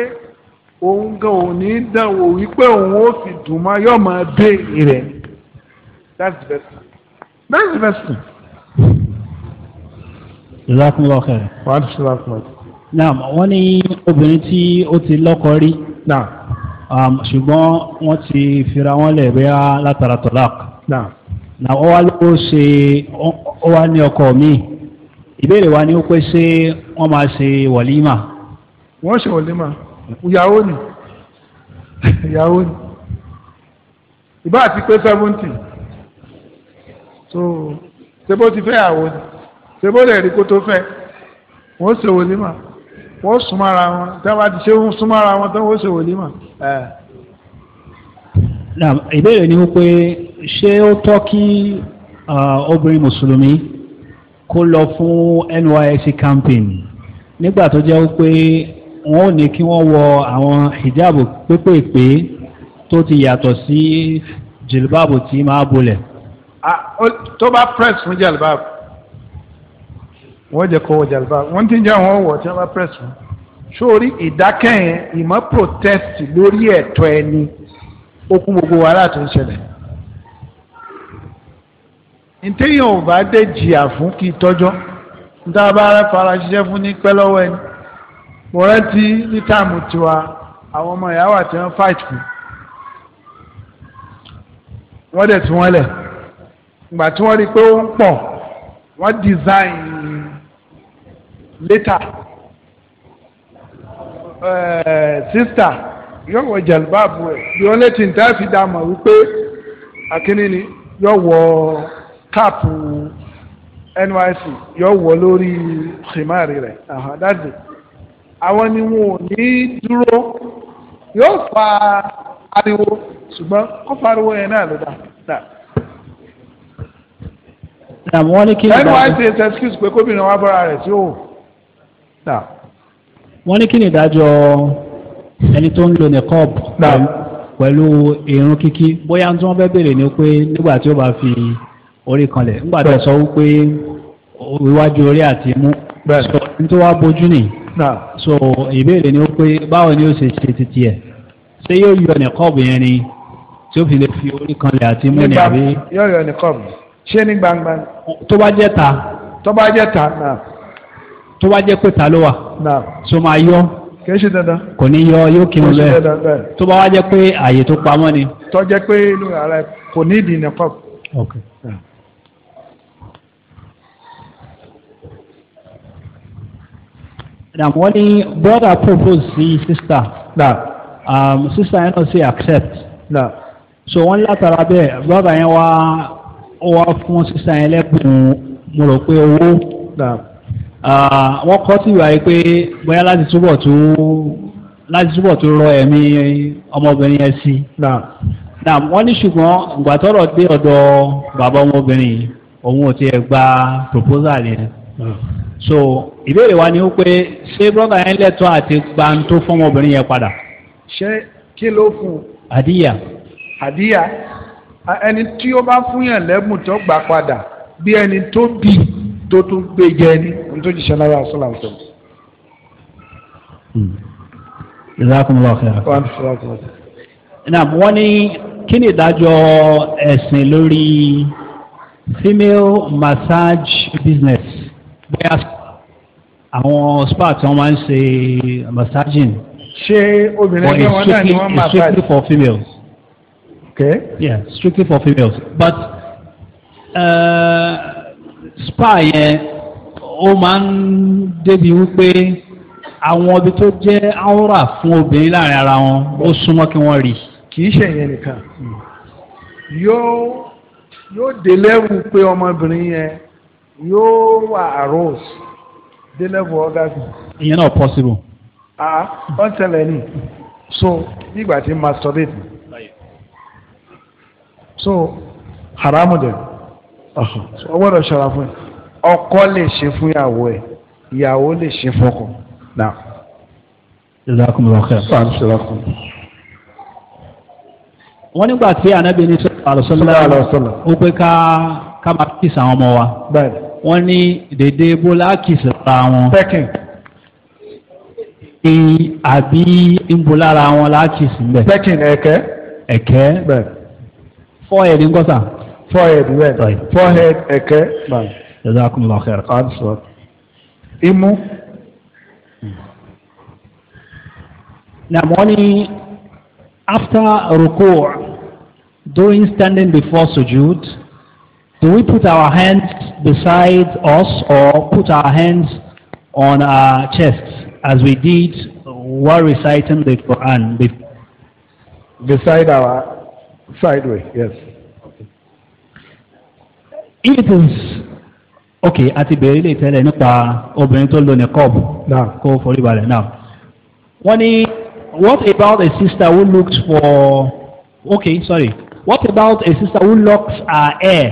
òun gan ò ní dánwò wípé òun ó fi dùn mọ́ yọ́ máa dé rẹ̀ that's the best that's the best thing jazakumullahu khairan. wà á tún ṣe naam wọ́n ní obìnrin tí ó ti lọ́kọ rí. naam. ṣùgbọ́n wọ́n ti fira wọn lẹ̀ bẹ́ẹ̀ látara tọ́lák. na ó wá ló ṣe ó wá ní ọkọ mi ìbéèrè wa ni ó pé ṣé wọ́n máa ṣe wàlímà. wọ́n ṣe wàlímà ìyàwó ni ìyàwó ni ìbá àti pé seventy so ṣé bó ti fẹ́ yàwó ni sebólẹ̀ rí kó tó fẹ́ wọ́n ṣe wòlímà wọ́n súnmọ́ra wọn táwa ti ṣe ń súnmọ́ra wọn tán wọ́n ṣe wòlímà. ìbéèrè ni wípé ṣé ó tọ́ kí obìnrin mùsùlùmí kó lọ fún NYSC campaign nígbà tó jẹ́ wípé wọ́n ò ní kí wọ́n wọ àwọn hijab pépèpé tó ti yàtọ̀ sí jìlbáàbù tí máa bolẹ̀. tó bá press fún jìlbáàbù wọ́n jẹ́ kó wọ jàlùbá wọ́n ti ń jẹ́ àwọn ọ̀wọ̀ tí wọ́n bá press sórí ìdákẹ́yìn ìmọ̀ protest lórí ẹ̀tọ́ ẹni okun gbogbo wa láti ń ṣẹlẹ̀. ntẹ́yìn ò dé jìyà fún kí tọ́jọ́ níta bá fara ṣiṣẹ́ fún ní pẹ́ lọ́wọ́ ẹni. mo rántí ní táàmù tiwa àwọn ọmọ ìyàwó àti wọn fight fún wọ́n dẹ̀ tún wọ́n lẹ̀ ìgbà tí wọ́n rí i pé ó ń pọ̀ wọ́n design later uh, sister yóò wọ jalbaabu ẹ the only thing fi dá a wípé akínní ni wọ káàpù NYSC yóò wọ lórí khimari it àwọn ni wọn ò ní dúró yóò fa ariwo ṣùgbọ́n kó fariwo yẹn náà ló dá. NYSC excuse pé kóbìnrin wa bọ́ra rẹ̀ tí ó. wọ́n ní kí ni ìdájọ́ ẹni tó ń lo nìkọ́ọ̀b pẹ̀lú irun kíkí bóyá tí wọ́n fẹ́ béèrè ni pé nígbà tí ó bá fi orí kanlẹ̀ nígbà tí sọ wípé iwájú orí àti imú so ní tó wá bójú nì so ìbéèrè ni pé báwo ni ó ṣe ṣe títí ẹ̀ ṣé yóò yọ nìkọ́ọ̀b yẹn ni tí ó fi lè fi orí kanlẹ̀ àti imú ni àbí. yóò yọ nìkọ́ọ̀b ṣé ní gbangba. tó bá jẹ́ ta. tó bá jẹ́ ta náà tó wá jẹ́ pé ta ló wà tó máa yọ kì í ṣe dandan kò ní yọ yóò kí n lẹ tó bá wá jẹ́ pé àyè tó pamọ́ ni. tó jẹ́ pé inú ara kò ní ìdí nìkan. Now, wọ́n ní brother propose sí sister. Nah. Um, sister yẹn náà sì accept. Nah. So wọ́n látara bẹ́ẹ̀ brother yẹn wá wá fún sister yẹn lẹ́kùn mo rò pé owó. Nah wọ́n kọ́ sí ìwà yìí pé bóyá láti túbọ̀ tó láti túbọ̀ tó rọ ẹ̀mí ọmọbìnrin yẹn sí. náà wọ́n ní ṣùgbọ́n ìgbà tọ́rọ̀ dé ọ̀dọ̀ bàbá ọmọbìnrin òun ò tiẹ̀ gba proposal yẹn. so ìbéèrè wa ni ó pé ṣé brọ́dà yẹn lẹ́tọ́ àti gba ń tó fún ọmọbìnrin yẹn padà. ṣé kí ló fún. àdíyà. àdíyà ẹni tí ó bá fún yàn lẹ́bùn tó gbà padà bí ẹni tó bì í tó tún gbé jẹ ní nítorí ìṣẹ̀lẹ̀ àwọn àṣọ làwọn sọ. ìdákùnlọ ọ̀kẹ́ náà wọ́n ní kí ni ìdájọ́ ẹ̀sìn lórí female massage business bóyá àwọn spa tí wọ́n máa ń ṣe massaging. ṣé obìnrin ẹgbẹ́ wọn náà ni wọ́n massage. it's strictly for females. okay. yeah strictly for females but. Uh, spa yẹn ó máa ń débi wípé àwọn ibi tó jẹ́ aura fún obìnrin láàrin ara wọn ó súnmọ́ kí wọ́n rí. kì í ṣèyẹn nìkan yóò yóò dé lẹ́rù pé ọmọbìnrin yẹn yóò wà arose dé lẹ́rù orgasm. ìyẹn náà possible. ah wọ́n tẹ̀lé ni so nígbà tí masturbate so haramu dẹ̀ ọgbọ́dọ̀ ṣọ́ra fún ẹ ọkọ lè ṣe fún ìyàwó ẹ ìyàwó lè ṣe fọ́kọ. wọ́n nígbà tí anabi ní sọ́lá ó pé ká ká máa kí sàwọn ọmọ wa wọ́n ní dèdè bólá kì í sọ̀rọ̀ àwọn ní àbí ìbúlára wọn láti sílẹ̀. pẹ́kìn ẹ̀kẹ́. fọ́ ẹ̀rí ń gọ́sà forehead wẹ́n forehead ẹ̀kẹ́. jazakumullahu khair. imú. na wọ́n ní after ruku' during standing before sujud do we put our hands beside us or put our hands on our chest as we did while reciting the Quran? Beside our sideway, yes idris ok àti bẹ̀rẹ̀ ilé ìtẹ́lẹ̀ nípa obìnrin tó lò ní cob kó forí balẹ̀ náà wọ́n ní what about a sister who looks for ok sorry what about a sister who locks her hair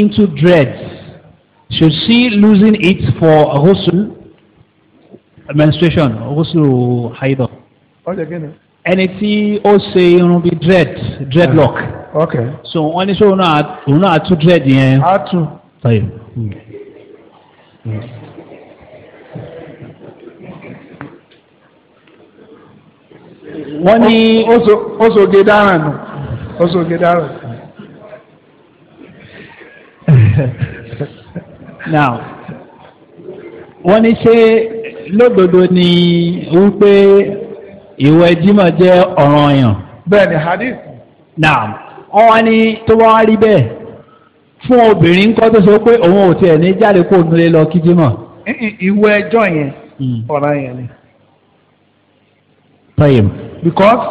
into dreads should she losing it for ghusl menstruation ghusl haidọ. ẹni tí ó ṣe irun bíi dread dreadlock. Yeah. ok. so wọ́n ní sóun náà òun náà yẹn. a wọ́n ní. ó nù ó now wọ́n ní ṣé lódodo ni wípé ìwẹ̀ jẹ́ hadith. ọwọ́ ni tó bá wá rí bẹ́ẹ̀ fún obìnrin kọ́ tó sọ pé òun ò tiẹ̀ ní jáde kó nulẹ̀ lọ kí jímọ̀. ìwé ẹjọ́ yẹn mm. ọ̀ràn yẹn ni. tayim. because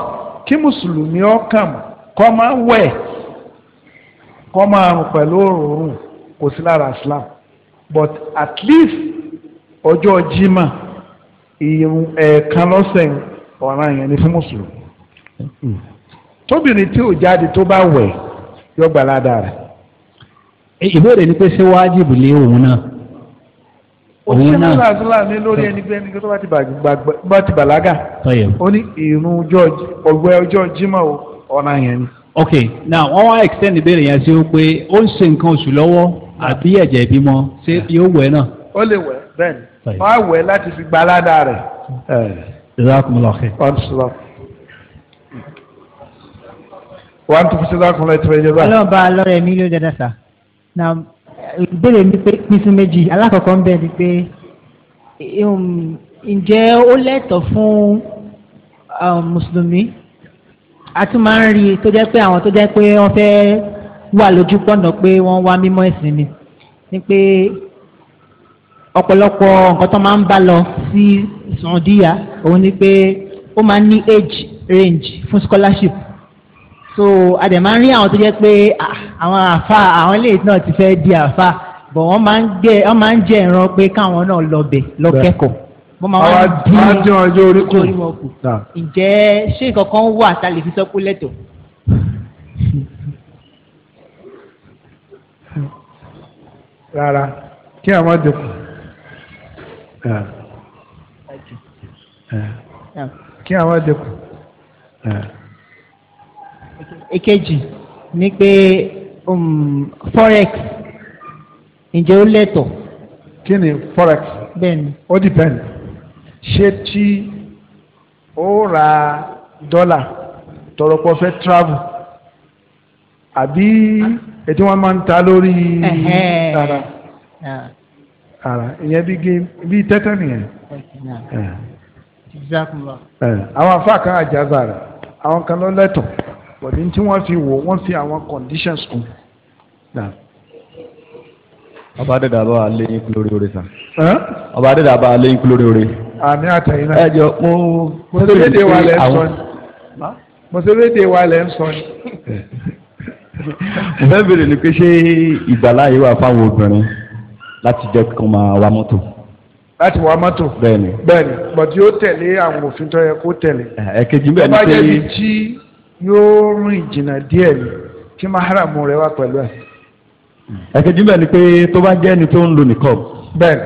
kí mùsùlùmí ọkàn kọ́ máa wẹ̀ kọ́ máa rùn pẹ̀lú òórùn kò sí lára Islam but at least ọjọ́ jímọ̀ ìrùn ẹ̀ẹ̀kan lọ́sẹ̀ ọ̀ràn yẹn ni fún mùsùlùmí. Mm tóbìnrin tí ò jáde tó bá wẹ̀ yọ gbàládà rẹ̀. ìbéèrè ni pé ṣé wájìbù lé òun náà. òun náà òṣìṣẹ́ àṣìlá ní lórí ẹni pé ẹni tó bá ti bàlágà ó ní ìrun ọgbẹ́ ọjọ́ jímọ̀ ọ̀nà yẹn ni. ok now wọ́n wá extend ìbéèrè yẹn sí pé ó ń ṣe nǹkan oṣù lọ́wọ́ àbí ẹ̀jẹ̀ ìbímọ ṣé yóò wẹ̀ náà. ó lè wẹ̀ bẹ́ẹ̀ ni wọ́n á wẹ̀ láti fi gbàládà rẹ̀. ìlà kùmùlọ̀ kẹ́ wà á tún fi sísá kúnlẹ̀ tó ẹjẹ bá. ọlọ́ọ̀bá lọ́rẹ̀ mi ló dada sá na ìbéèrè mi pé pín méjì alákọ̀ọ́kọ́ ń bẹ̀ ni pé um, ǹjẹ́ ó lẹ́tọ̀ọ́ fún um, mùsùlùmí a tún máa ń rí i tó jẹ́ pé àwọn tó jẹ́ pé wọ́n fẹ́ wà lójú pọ̀nà pé wọ́n wá mímọ́ ẹ̀sìn ni ni pé ọ̀pọ̀lọpọ̀ nǹkan tó máa ń bá lọ sí Saudiya òun ni pé ó máa ń ní age range fún scholarship so àdèmá ń rí àwọn tó jẹ́ pé àwọn àfa àwọn ilé náà ti fẹ́ di àfa bọ̀ wọ́n máa ń gbé wọ́n máa ń jẹ́ ìran pé káwọn náà lọ́bẹ̀ lọ́kẹ́kọ̀ọ́ wọ́n máa wá dín ọjọ́ orí kù ǹjẹ́ ṣé nǹkan kan wà tá a lè fi sọ́kú lẹ́tọ̀ọ́. rárá kí àwọn dínkù kí àwọn dínkù èkejì ni pé um, forex ǹjẹ́ ó lẹ́tọ̀. kí ni forex. bẹ́ẹ̀ni. ó depend ṣé tí ó ra dọ́là tọrọpọ̀ fẹ́ travel àbí ètò wọn máa ń ta lórí ara ah. ara ìyẹn bí game bí tẹ́tẹ́ nìyẹn. Eh. Eh. àwọn afa kan àjàzà rẹ̀ àwọn kan ló lẹ́tọ̀ọ́ bọ̀dé tí wọ́n fi wò wọ́n fi àwọn conditions kù. ọba adéda bá wa lé yín kú lórí orí sa. ọba adéda bá wa lé yín kú lórí orí. àmì àtẹ̀yìn náà. ẹ jọ mo. mọ̀sẹ̀lẹ́dẹ̀ wa lẹ́ ń sọ ni. mọ̀sẹ̀lẹ́dẹ̀ wa lẹ́ sọ ni. mo fẹ́ bèrè ni pé ṣé ìgbàláyé wà fáwọn obìnrin láti jẹ́ kí wọ́n máa wa mọ́tò láti wa mọ́tò. bẹ́ẹ̀ni bẹ́ẹ̀ni bọ̀dí ó tẹ̀lé àwọn òfin tó yẹ kó tẹ̀lé. ẹ̀kejì bẹ́ẹ̀ ni pé yóò rìn jìnnà díẹ̀ ni tí maharamu rẹ̀ wà pẹ̀lú ẹ̀. ẹ̀kejì bẹ́ẹ̀ ni pé tó bá jẹ́ ẹni tó ń lo nìkan. bẹ́ẹ̀.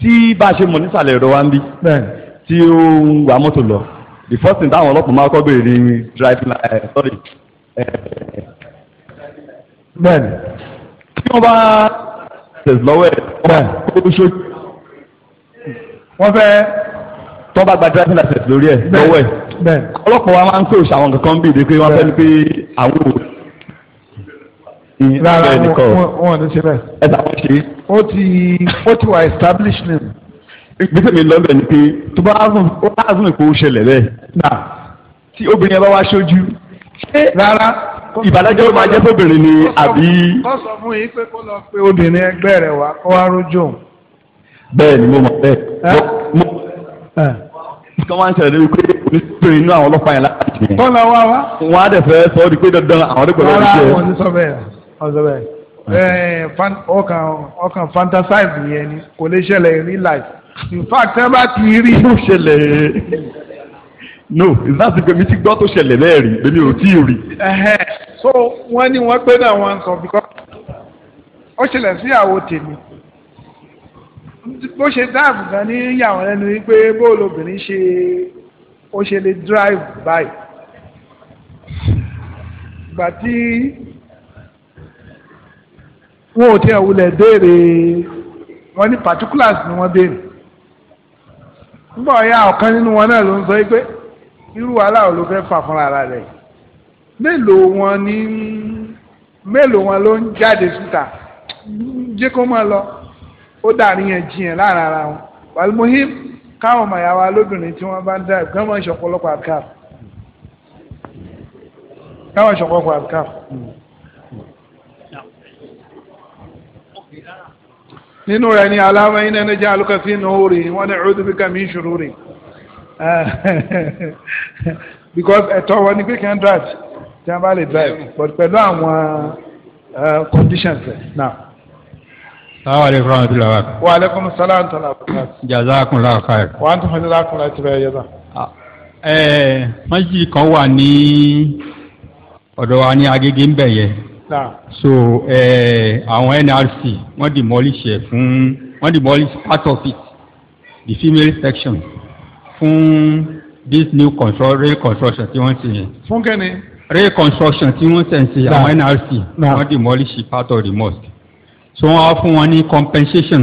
tí bá a ṣe mọ̀ nísàlẹ̀ ẹ̀rọ wa ń bí. bẹ́ẹ̀. tí ó ń wa mọ́tò lọ the first thing táwọn ọlọ́pàá máa kọ́ béèrè ni driving ẹ̀ eh, sorry. Eh, bẹ́ẹ̀ni. tí wọ́n bá tẹ̀sí lọ́wọ́ ẹ̀. wọ́n fẹ́ tó bá gba driving license lórí ẹ̀ lọ́wọ́ ẹ̀ ọlọ́pàá wa máa ń pè òṣà àwọn kankan bíi ìdíkẹ́ wọn fẹ́ẹ́ pé àwọn ò rárá wọn ò ní ṣe bẹ́ẹ̀. ẹ tàwọn ṣe. ó ti ó ti wà established name. ìgbésẹ̀ mi lọ́bẹ̀ ni pé tó bá azùn ìpò ṣẹlẹ̀ bẹ́ẹ̀. nà tí obìnrin yẹn bá wá ṣojú. rárá ìbàdájọ́ máa jẹ́ fóbìnrin ni àbí. kọ́ sọ fún yín pé kó lọ pe obìnrin ẹgbẹ́ rẹ̀ wá kó wá rójò. bẹ́ẹ̀ ni mo mọ̀ bẹ́ẹ̀ nǹkan máa ń ṣẹlẹ̀ níbi pé oníṣẹ́ inú àwọn ọlọ́pàá yẹn láti jẹ. kọ́ la wá wá. wọ́n á dẹ̀ fẹ́ sọ ọ́ di pé dandan àwọn ọdẹ́gbẹ̀rẹ̀ ọdún jẹ. rárá wọn ti sọ bẹ́ẹ̀ ọ sọ bẹ́ẹ̀ ọkàn ọkàn fantasize yẹn ni kò lè ṣẹlẹ̀ in real life in fact ẹ bá ti rí. yóò ṣẹlẹ̀ no láti gbé mi ti gbọ́ tó ṣẹlẹ̀ bẹ́ẹ̀ rí èmi ò tí ì rí. so wọ́n ní wọ́n pé náà wọ́n sọ because ó ṣẹlẹ̀ sí àwo tèmi bó ṣe dáàbò gan ní yàwọn lẹ́nu wípé bóòlù obìnrin ṣe ó ṣe lè drive báyìí ìgbà tí wọn ò tiẹ̀ wulẹ̀ béèrè wọn ní particulars ni wọ́n béèrè nígbà ọ̀yà ọ̀kan nínú wọn náà ló ń sọ pé irú aláwọ̀ ló fẹ́ fà fúnra ara rẹ̀ mélòó wọn ní mélòó wọn ló ń jáde síta jẹ́ kó máa lọ ó dàríyànjiyàn láàrin ara wọn wàlúmọ́hìm káwọn ọmọ ìyàwó alóbìnrin tí wọ́n bá ń dá ẹ̀gbọ́n mọ́ ìṣọ̀pọ̀lọpọ̀ àkáàfù káwọn ìṣọ̀pọ̀lọpọ̀ àkáàfù. nínú rẹ̀ ni aláwọ̀ iná ní jẹ́ alúkàfí náà rí wọ́n ní ọdún bíkà mí ṣòro rí because ẹ̀tọ́ wọn ni pé kí n drive tí wọ́n bá lè drive but pẹ̀lú àwọn eh, conditions Now. Assalamu alaikum warahmatullahi wabarakatuh. Wa alaikum salaam tala wabarakatuh. Jazakumullahu khair. Wa antum jazakumullahu khairan jaza. Ẹẹ masjid kan wà ní ọ̀dọ̀ wa ní Agége ń bẹ̀ yẹ. So ẹẹ àwọn NRC wọ́n demolish ẹ̀ fún wọ́n demolish part of it the female section fún this new control rail construction tí wọ́n ti yẹn. Fún kẹ́ni. Rail construction tí wọ́n ṣẹ̀ ń ṣe àwọn NRC wọ́n demolish part of the mosque so wọ́n fún wọn ní compensation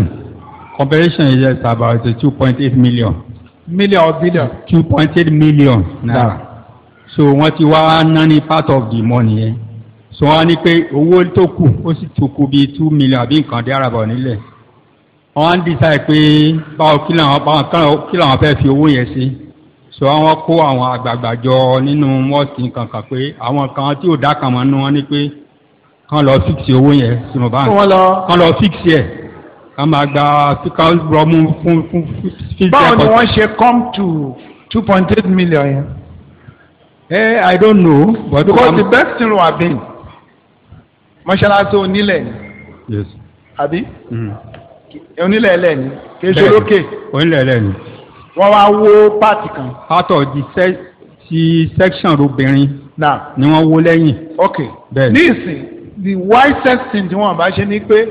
compensation is about two point eight million. million or billion. two point eight million naira so wọ́n ti wá ná part of the money yẹn so wọ́n ní pé owó tó kù ó sì tó kù bíi two million àbí nǹkan dé àràbọ̀ nílẹ̀ wọ́n á decide pé báwo kí làwọn báwọn kí làwọn fẹ́ fi owó yẹn sí so àwọn kó àwọn àgbààgbà jọ nínú mọ́ọ̀tì kankan pé àwọn kan tí ò dá kan mọ́ ní wọ́n ní pé kán lọ fíksì owó yẹn sínú báńkì kán lọ fíksì ẹ̀ kán máa gba ká rọmú fún fún fíksì ẹ̀kọ́. báwo ni wọ́n ṣe come to two point eight million yẹn. Eh, I don't know. But because I'm... the best thing wa been mọ́ṣáláṣí onílẹ̀ ni. Yes. Àbí? Mm. Onílẹ̀ ẹlẹ̀ ni. Kéṣe lókè. Onílẹ̀ ẹlẹ̀ ni. Wọ́n wá wó pààtì kan. Part of the ti section obìnrin. Na. Ni wọ́n wó lẹ́yìn. Ok. Bẹ́ẹ̀ni. Ní ìsìn the wisest thing tí wọ́n bá ṣe ni pé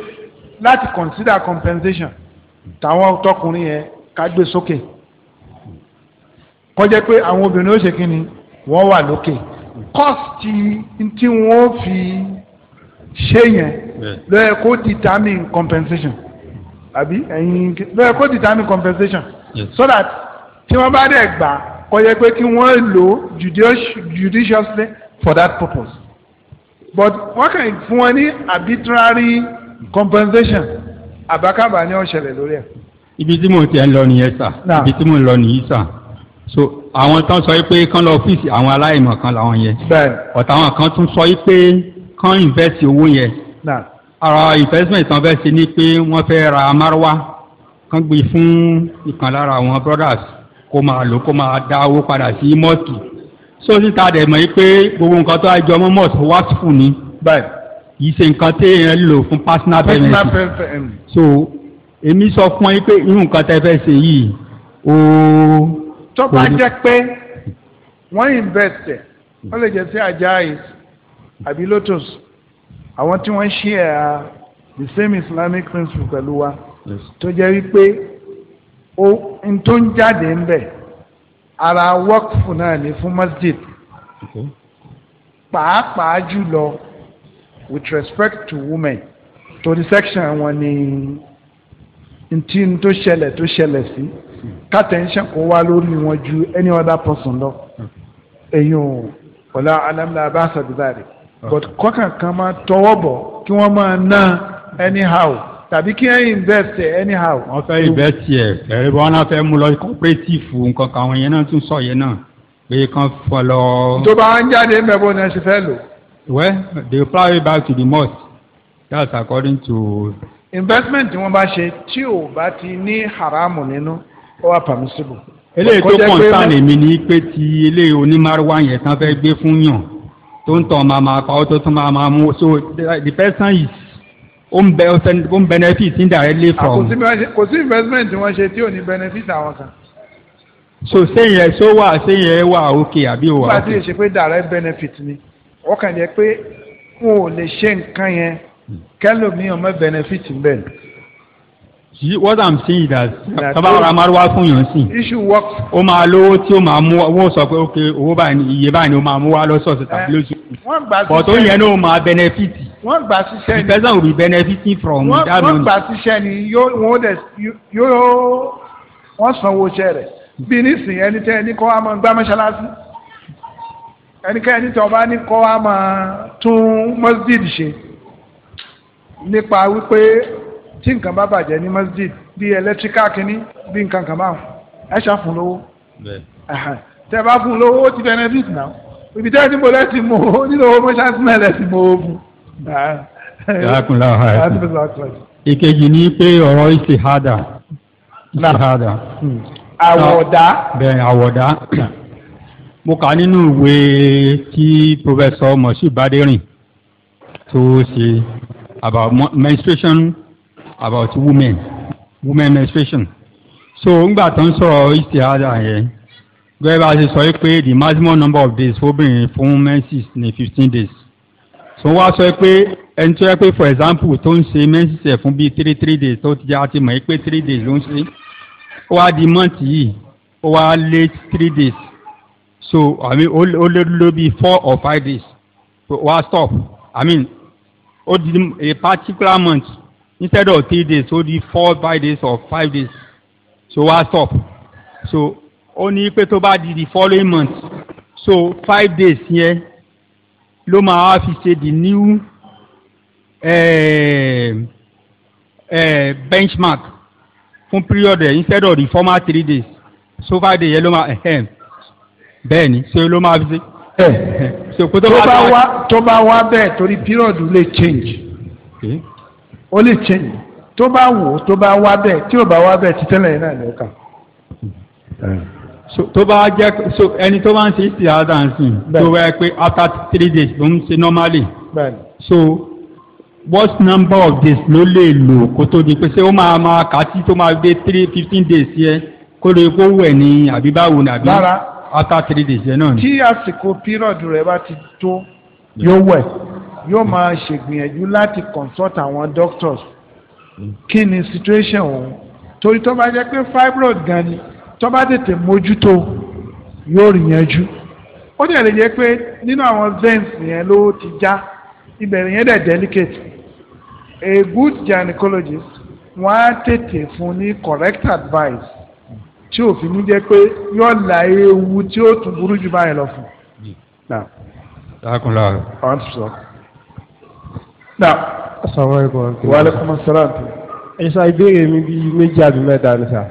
láti consider compensation tàwọn tọkùnrin yẹn ká gbé sókè kọjá pé àwọn obìnrin ó ṣe kí ni wọ́n wà lókè cost tí wọ́n fi ṣe yẹn ló yẹ kó determine compensation àbí ẹ̀yin ló yẹ kó determine compensation so that tí wọ́n bá dẹ̀ gbà kọjá pé kí wọ́n lò judiciously for that purpose but wọ́n kàn fún wọn ní arbitrary compensation àbákàbà ni ó ṣẹlẹ̀ lórí ẹ̀. ibi tí mò ń tiẹ̀ ń lọ nìyẹn sà ibi tí mò ń lọ nìyí sà so àwọn tán sọ pé kán lọ ọ́fíìsì àwọn aláìmọ̀ kan làwọn yẹn ọ̀tá àwọn kan tún sọ pé kán invest owó yẹn ara investment tán fẹ́ ṣe ni pé wọ́n fẹ́ ra amárúwá kán gbé fún ìkan lára àwọn brothers kó máa lò kó máa dá owó padà sí mọ́ọ̀kì sósì tá a dẹ̀ mọ̀ yìí pé gbogbo nǹkan tó àjọ ọmọ mọ́ọ̀sì wá fún ni yìí ṣe nǹkan tí èèyàn lò fún personal payment so èmi sọ fún ọ yìí pé irú nǹkan tẹ́ fẹ́ ṣe yìí ooo. tó bá jẹ́ pé wọ́n invest ẹ̀ wọ́n lè jẹ́ sí Ajayi àbí Lotus àwọn tí wọ́n share the same Islamic principle pẹ̀lú wa tó jẹ́ wípé ó ń tó ń jáde ń bẹ̀ ara wọ́ọ̀kùfù náà ní fún masjid pàápàá jùlọ with respect to women torí section wọn ni ntí tó ṣẹlẹ̀ tó ṣẹlẹ̀ sí kátẹ́ńṣẹ́ kó wá lórí wọn ju any other person lọ èyí ò wọlé alámìlá abáṣà bíbá but kọ́kàn kan máa tọwọ́ bọ̀ kí wọ́n máa ná anyhow tàbí kí ẹ invest anyhow. wọ́n fẹ́ invest yẹ ẹ wọ́n náà fẹ́ mú lọ cooperative nǹkan kan àwọn yẹn náà tún sọ yẹn náà pé kán fọ lọ. tó bá ń jáde mẹ́bọ̀ náà ṣe fẹ́ lò. well they fly back to the mosque that's according to. investment tí wọ́n bá ṣe tí ò bá ti ní haramu nínú ó wà permissible. eléyìí tó concern èmi ni pé ti eléyìí onímàrúwá yẹn tán fẹ́ gbé fún yàn tó ń tọ́ máa máa pa ó tó tún máa máa mú so the person is ó ń bẹ ó ń benefit indirectly ah, from. kò sí investment wọn ṣe tí ò ní benefit àwọn kan. so sẹ́yìn ẹ̀ sọ wà sẹ́yìn ẹ̀ wà òkè àbí òwà. nígbà tí èsì pé direct benefit ni wọ́n kàn jẹ́ pé wọn ò lè ṣe nǹkan yẹn kẹ́lòmíràn mọ́ benefit bẹ́ẹ̀. See, what I'm saying is that tọ́ba ra márùwá fún yàn sí. issue works. ó máa lówó tí ó máa mú wọ́n sọ pé ok owó báyìí iye báyìí ni ó máa mú wá lọ́sọ̀ọ̀sẹ̀ tàbí eh, lóṣù. wọ́n gbà sí. bọ̀tò yẹn ló máa benefit wọ́n gbà síṣẹ́ ni. the person will be benefiting from that money. wọ́n gbà síṣẹ́ ni yóò wọ́n dẹ̀ yóò wọ́n sanwó iṣẹ́ rẹ̀ bí nísìn ẹni tẹ́ ẹni kọ́ wa máa gbá mọ́ṣáláṣí ẹnikẹ́ni tó bá ní kọ́ wa máa tún mọ́sídìdì ṣe nípa wípé tí nǹkan bá bàjẹ́ ní mọ́sídìdì bí ẹlẹ́tíríkà kínní bí nǹkan kan báwọn ẹ ṣàfùn lówó tẹ́ bá fún lówó ó ti benefit náà ibi tẹ́ ẹ ti mọ̀ lẹ́sìn mọ́ nílò owó mọ́ṣáláṣí náà lẹ́sìn mọ́ ogun ìkejì ni pé ọ̀rọ̀ ìṣèhádà ìṣèhádà. Hmm. àwọ̀dá. bẹ́ẹ̀ àwọ̀dá. mo kà nínú ìwé tí pòfẹ́sọ̀ mọ̀ṣú bádẹ́rìn tó ṣe about menstruation about women women menstruation so ngbà tó ń sọ̀rọ̀ ìṣèhádà yẹn gẹ́gẹ́ bá a ṣe sọ pé the maximum number of days fóbìnrin fún menses ni fifteen days so wá sọ pé ẹni tó yẹ pé for example tó ń ṣe mẹ́sìsẹ̀ fún bíi three three days tó ti jẹ́ àti mọ̀ pé three days ló ń ṣe ó wá di mọ́ǹtì yìí ó wá lé three days so i mean ó lé ló bíi four or five days so wá stop i mean ó di a particular month instead of three days ó di four five days or five days so wá stop so ó ní pé tó bá di the following month so five days yẹn. Yeah, ló máa fi ṣe the new eh, eh, benchmark fún period eh, instead of the former three days so far the yellow ló máa eh, eh bẹ́ẹ̀ ni ṣe ló máa fi ṣe. Eh, tó bá wá tó bá wá bẹ́ẹ̀ torí period lè change ó lè change tó bá wò tó bá wá bẹ́ẹ̀ tí ò bá wá bẹ́ẹ̀ ti tẹ́lẹ̀ yẹn náà lọ́kàn tó bá jẹ́ so ẹni tó bá ń ṣe ìsì àdáǹsìn tó wẹ́ pé after three days ló ń ṣe normally so what number of days ló lè lò kó tó di pé ṣé ó máa máa kà á tí tó máa gbé three fifteen days yẹ kó lè kó wẹ̀ ní àbí báwo ni àbí after three days yẹ náà ni. tí àsìkò period rẹ̀ bá ti tó yóò wẹ̀ yóò máa ṣègbìyànjú láti consult àwọn doctors kí ni situation òun torí tó bá jẹ́ pé fibroid gan ni tó bá tètè mójútó yóò rí yanjú ó dẹ̀ lè jẹ́ pé nínú àwọn veins yẹn ló ti já ibẹ̀rẹ̀ yẹn dẹ̀ delicate a good gynecologist wọ́n á tètè fún ní correct advice tí òfin ní jẹ́ pé yóò la ewu tí ó tún burú jù báyìí lọ fún. dákúnlá. ọ̀hún ti sọ. náà. asalaamualeykum. wa aleykum salaam. ẹ̀sà ìbéèrè mi bíi méjì àbí mẹ́ta ni sà.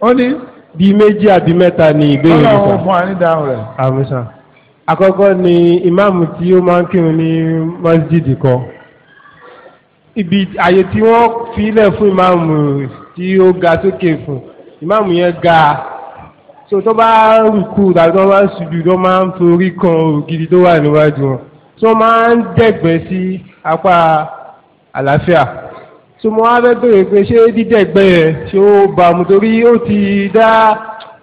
ó ní bíi méjì àbí mẹ́ta ni ìbéèrè nípa. ọlọ́run fún ànídàáhùn rẹ̀. àmísà àkọ́kọ́ ni ìmáàmù tí ó máa ń kírun ní mọ́sídìdì kan ibi àyè tí wọ́n filẹ̀ fún ìmáàmù tí ó ga sókè fún ìmáàmù yẹn ga so tó bá rùkú tàbí tó bá ṣubú tó máa ń forí kan ògiri tó wà níwájú wọn tó máa ń dẹ̀gbẹ́ sí apá àlàáfíà so mo wá fẹ́ bèrè pé ṣé dídẹ̀gbẹ́ yẹn ṣé ó bá mu torí ó ti dá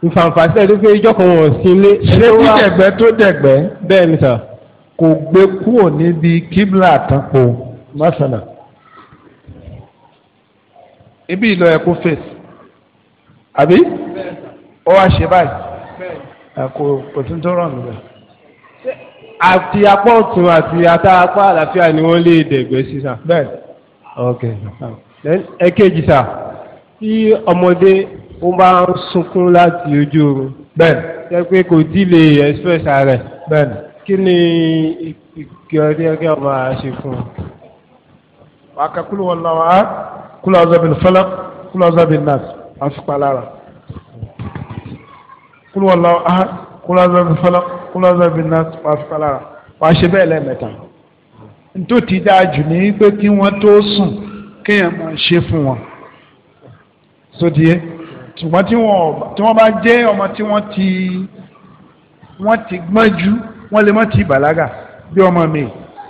ìfàǹfàṣẹ́ tó fẹ́ ijọ́ kan wọ̀n sí ilé. ṣé dídẹ̀gbẹ́ tó dẹ̀gbẹ́. bẹ́ẹ̀ ni sà. kò gbé kúrò níbi kíbla àtàkò masana. ibi ìlọ ẹ̀kọ́ fèsì. àbí. ó wá ṣe báyìí. kò kò tún tó rọ̀ níbẹ̀. àti apá ọ̀tún àti apá àlàáfíà ni wọ́n lè dẹ̀gbẹ́ sísan. bẹ́ẹ̀ ok then èkejì sà tí ọmọdé ó bá ń sunkún láti ojú oorun. bẹ́ẹ̀ jẹ́ pé kò tí lè express rẹ̀. bẹ́ẹ̀ kí ni ìkí ọdí ẹgbẹ́ ọmọ àṣẹ fún un. wàkà kúlù wọn lọ wá kúlù ọ̀zọ́bìn falaq kúlù ọ̀zọ́bìn nas àsùpàlára kúlù wọn lọ wá kúlù ọ̀zọ́bìn falaq kúlù ọ̀zọ́bìn nas àsùpàlára wàá ṣe bẹ́ẹ̀ lẹ́ẹ̀mẹ́ta tó ti dáa jù ní pé kí wọ́n tó sùn kéèyàn máa ṣe fún wọn sódìé ṣùgbọ́n tí wọ́n bá jẹ́ ọmọ tí wọ́n ti wọ́n ti gbọ́n jù wọ́n lè má ti bàlágà bí ọmọ mi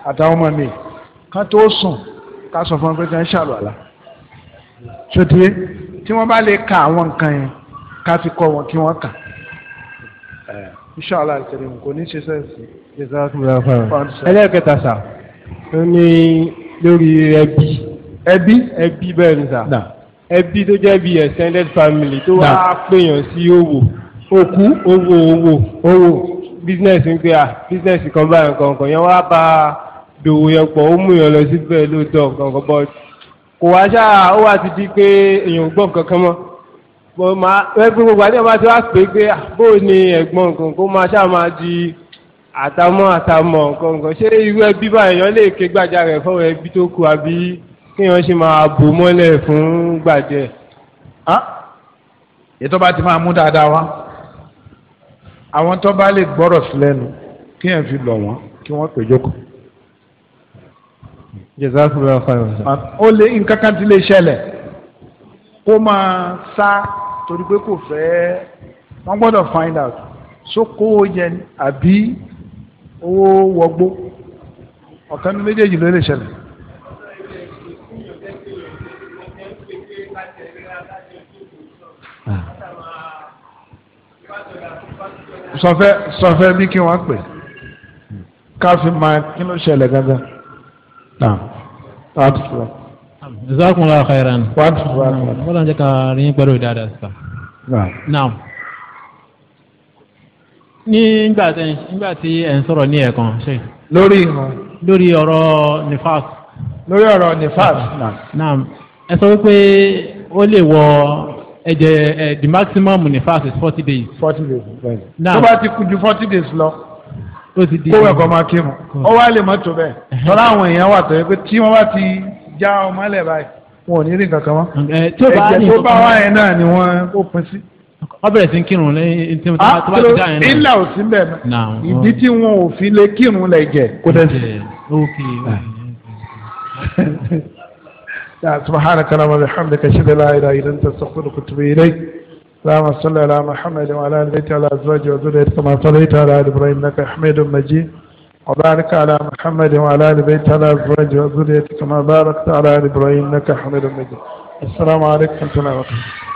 àtàwọn ọmọ mi kan tó sùn ká sọ fún wọn pé kí wọ́n ṣàlùwàlà sódìé tí wọ́n bá lè ka àwọn nǹkan yẹn ká fi kọ́ wọn kí wọ́n kà inṣàlá ìṣẹ̀lẹ̀ kò ní ṣe sẹ́ẹ̀sì. ẹlẹ́ẹ̀kẹta sáà ó ní lórí ẹbí ẹbí ẹbí bẹ́ẹ̀ ni sà ẹbí tó jẹ́ bí extended family tó wá pèèyàn sí òwò òkú òwò òwò òwò business ń pè à business kan báyìí kankan yẹn wá bá dòwò yẹn pọ̀ ó mú yẹn lọ síbẹ̀ lóòótọ́ kankan bọ́ kò wá ṣáà ó wá ti di pé èèyàn ò gbọ́n kankan mọ́ bọ́ máa ẹgbẹ́ gbogbo àti ẹ̀ máa ti wá pè é pé bó ni ẹ̀gbọ́n kankan kó máa ṣáà máa di àtàmọ́ àtàmọ́ nǹkankan ṣé irú ẹbí báyìí yọ lè ké gbàjarè fọwọ́ ẹbí tó kù àbí kéèyàn ṣe máa bò mọ́lẹ̀ fún gbàjẹ́. ètò bá ti máa mú dáadáa wá àwọn tó bá lè gbọ́rọ̀ sí lẹ́nu kéèyàn fi lọ̀ wọ́n kí wọ́n pè jókòó. jẹ̀sáfúrẹ́ ọ̀fà nǹkan kan ti lè ṣẹlẹ̀ kó máa sá torí pé kò fẹ́ wọ́n gbọ́dọ̀ find out sókòó yẹn àbí owó wọgbó ọ̀kan ní méjèèjì ló lè ṣẹlẹ̀. sọfẹ sọfẹ bí kí wọn pè káfí máa kí ló ṣẹlẹ̀ gángan. jazakumullahu khairan. wọ́n ti fura. wọ́n ti fura. wọ́n ti jẹ́ ká rí pẹ̀lú ìdáadáa sí i. naam nígbà tí nígbà tí ẹ̀ ń sọ̀rọ̀ ní ẹ̀kan ṣe. lórí ìhàn. lórí ọ̀rọ̀ nifas. lórí ọ̀rọ̀ nifas. naam ẹ sọ wípé ó lè wọ ẹ̀jẹ̀ ẹ̀ the maximum nifas is forty days. forty days. Na. tó bá ti kún ju forty days lọ ó ti di kówó ẹ̀kọ́ máa kí mu ó wá lè mọ́tò bẹ́ẹ̀ tọ́lá àwọn èèyàn wà tọ́ yẹ pé tí wọ́n bá ti já ọmọ ẹlẹ́ báyìí wọn ò ní rí nǹkan kan mọ́ ẹ̀jẹ̀ tó bá wà náà ni wọ́n ó pin sí wọ́n bẹ̀rẹ̀ sí kírun lẹ́yìn tí wọ́n bá ti dá yẹn náà. ilà ò sí bẹ́ẹ̀ ìdí tí wọn ò fi lè kírun lẹ̀ jẹ́ kó dẹ́ sí. سبحانك اللهم وبحمدك اشهد ان لا اله الا انت استغفرك واتوب اليك اللهم صل على محمد وعلى ال بيته وعلى ازواجه وذريته كما صليت على ال ابراهيم انك حميد مجيد وبارك على محمد وعلى ال بيته وعلى ازواجه وذريته كما باركت على ال ابراهيم انك حميد مجيد السلام عليكم ورحمه الله وبركاته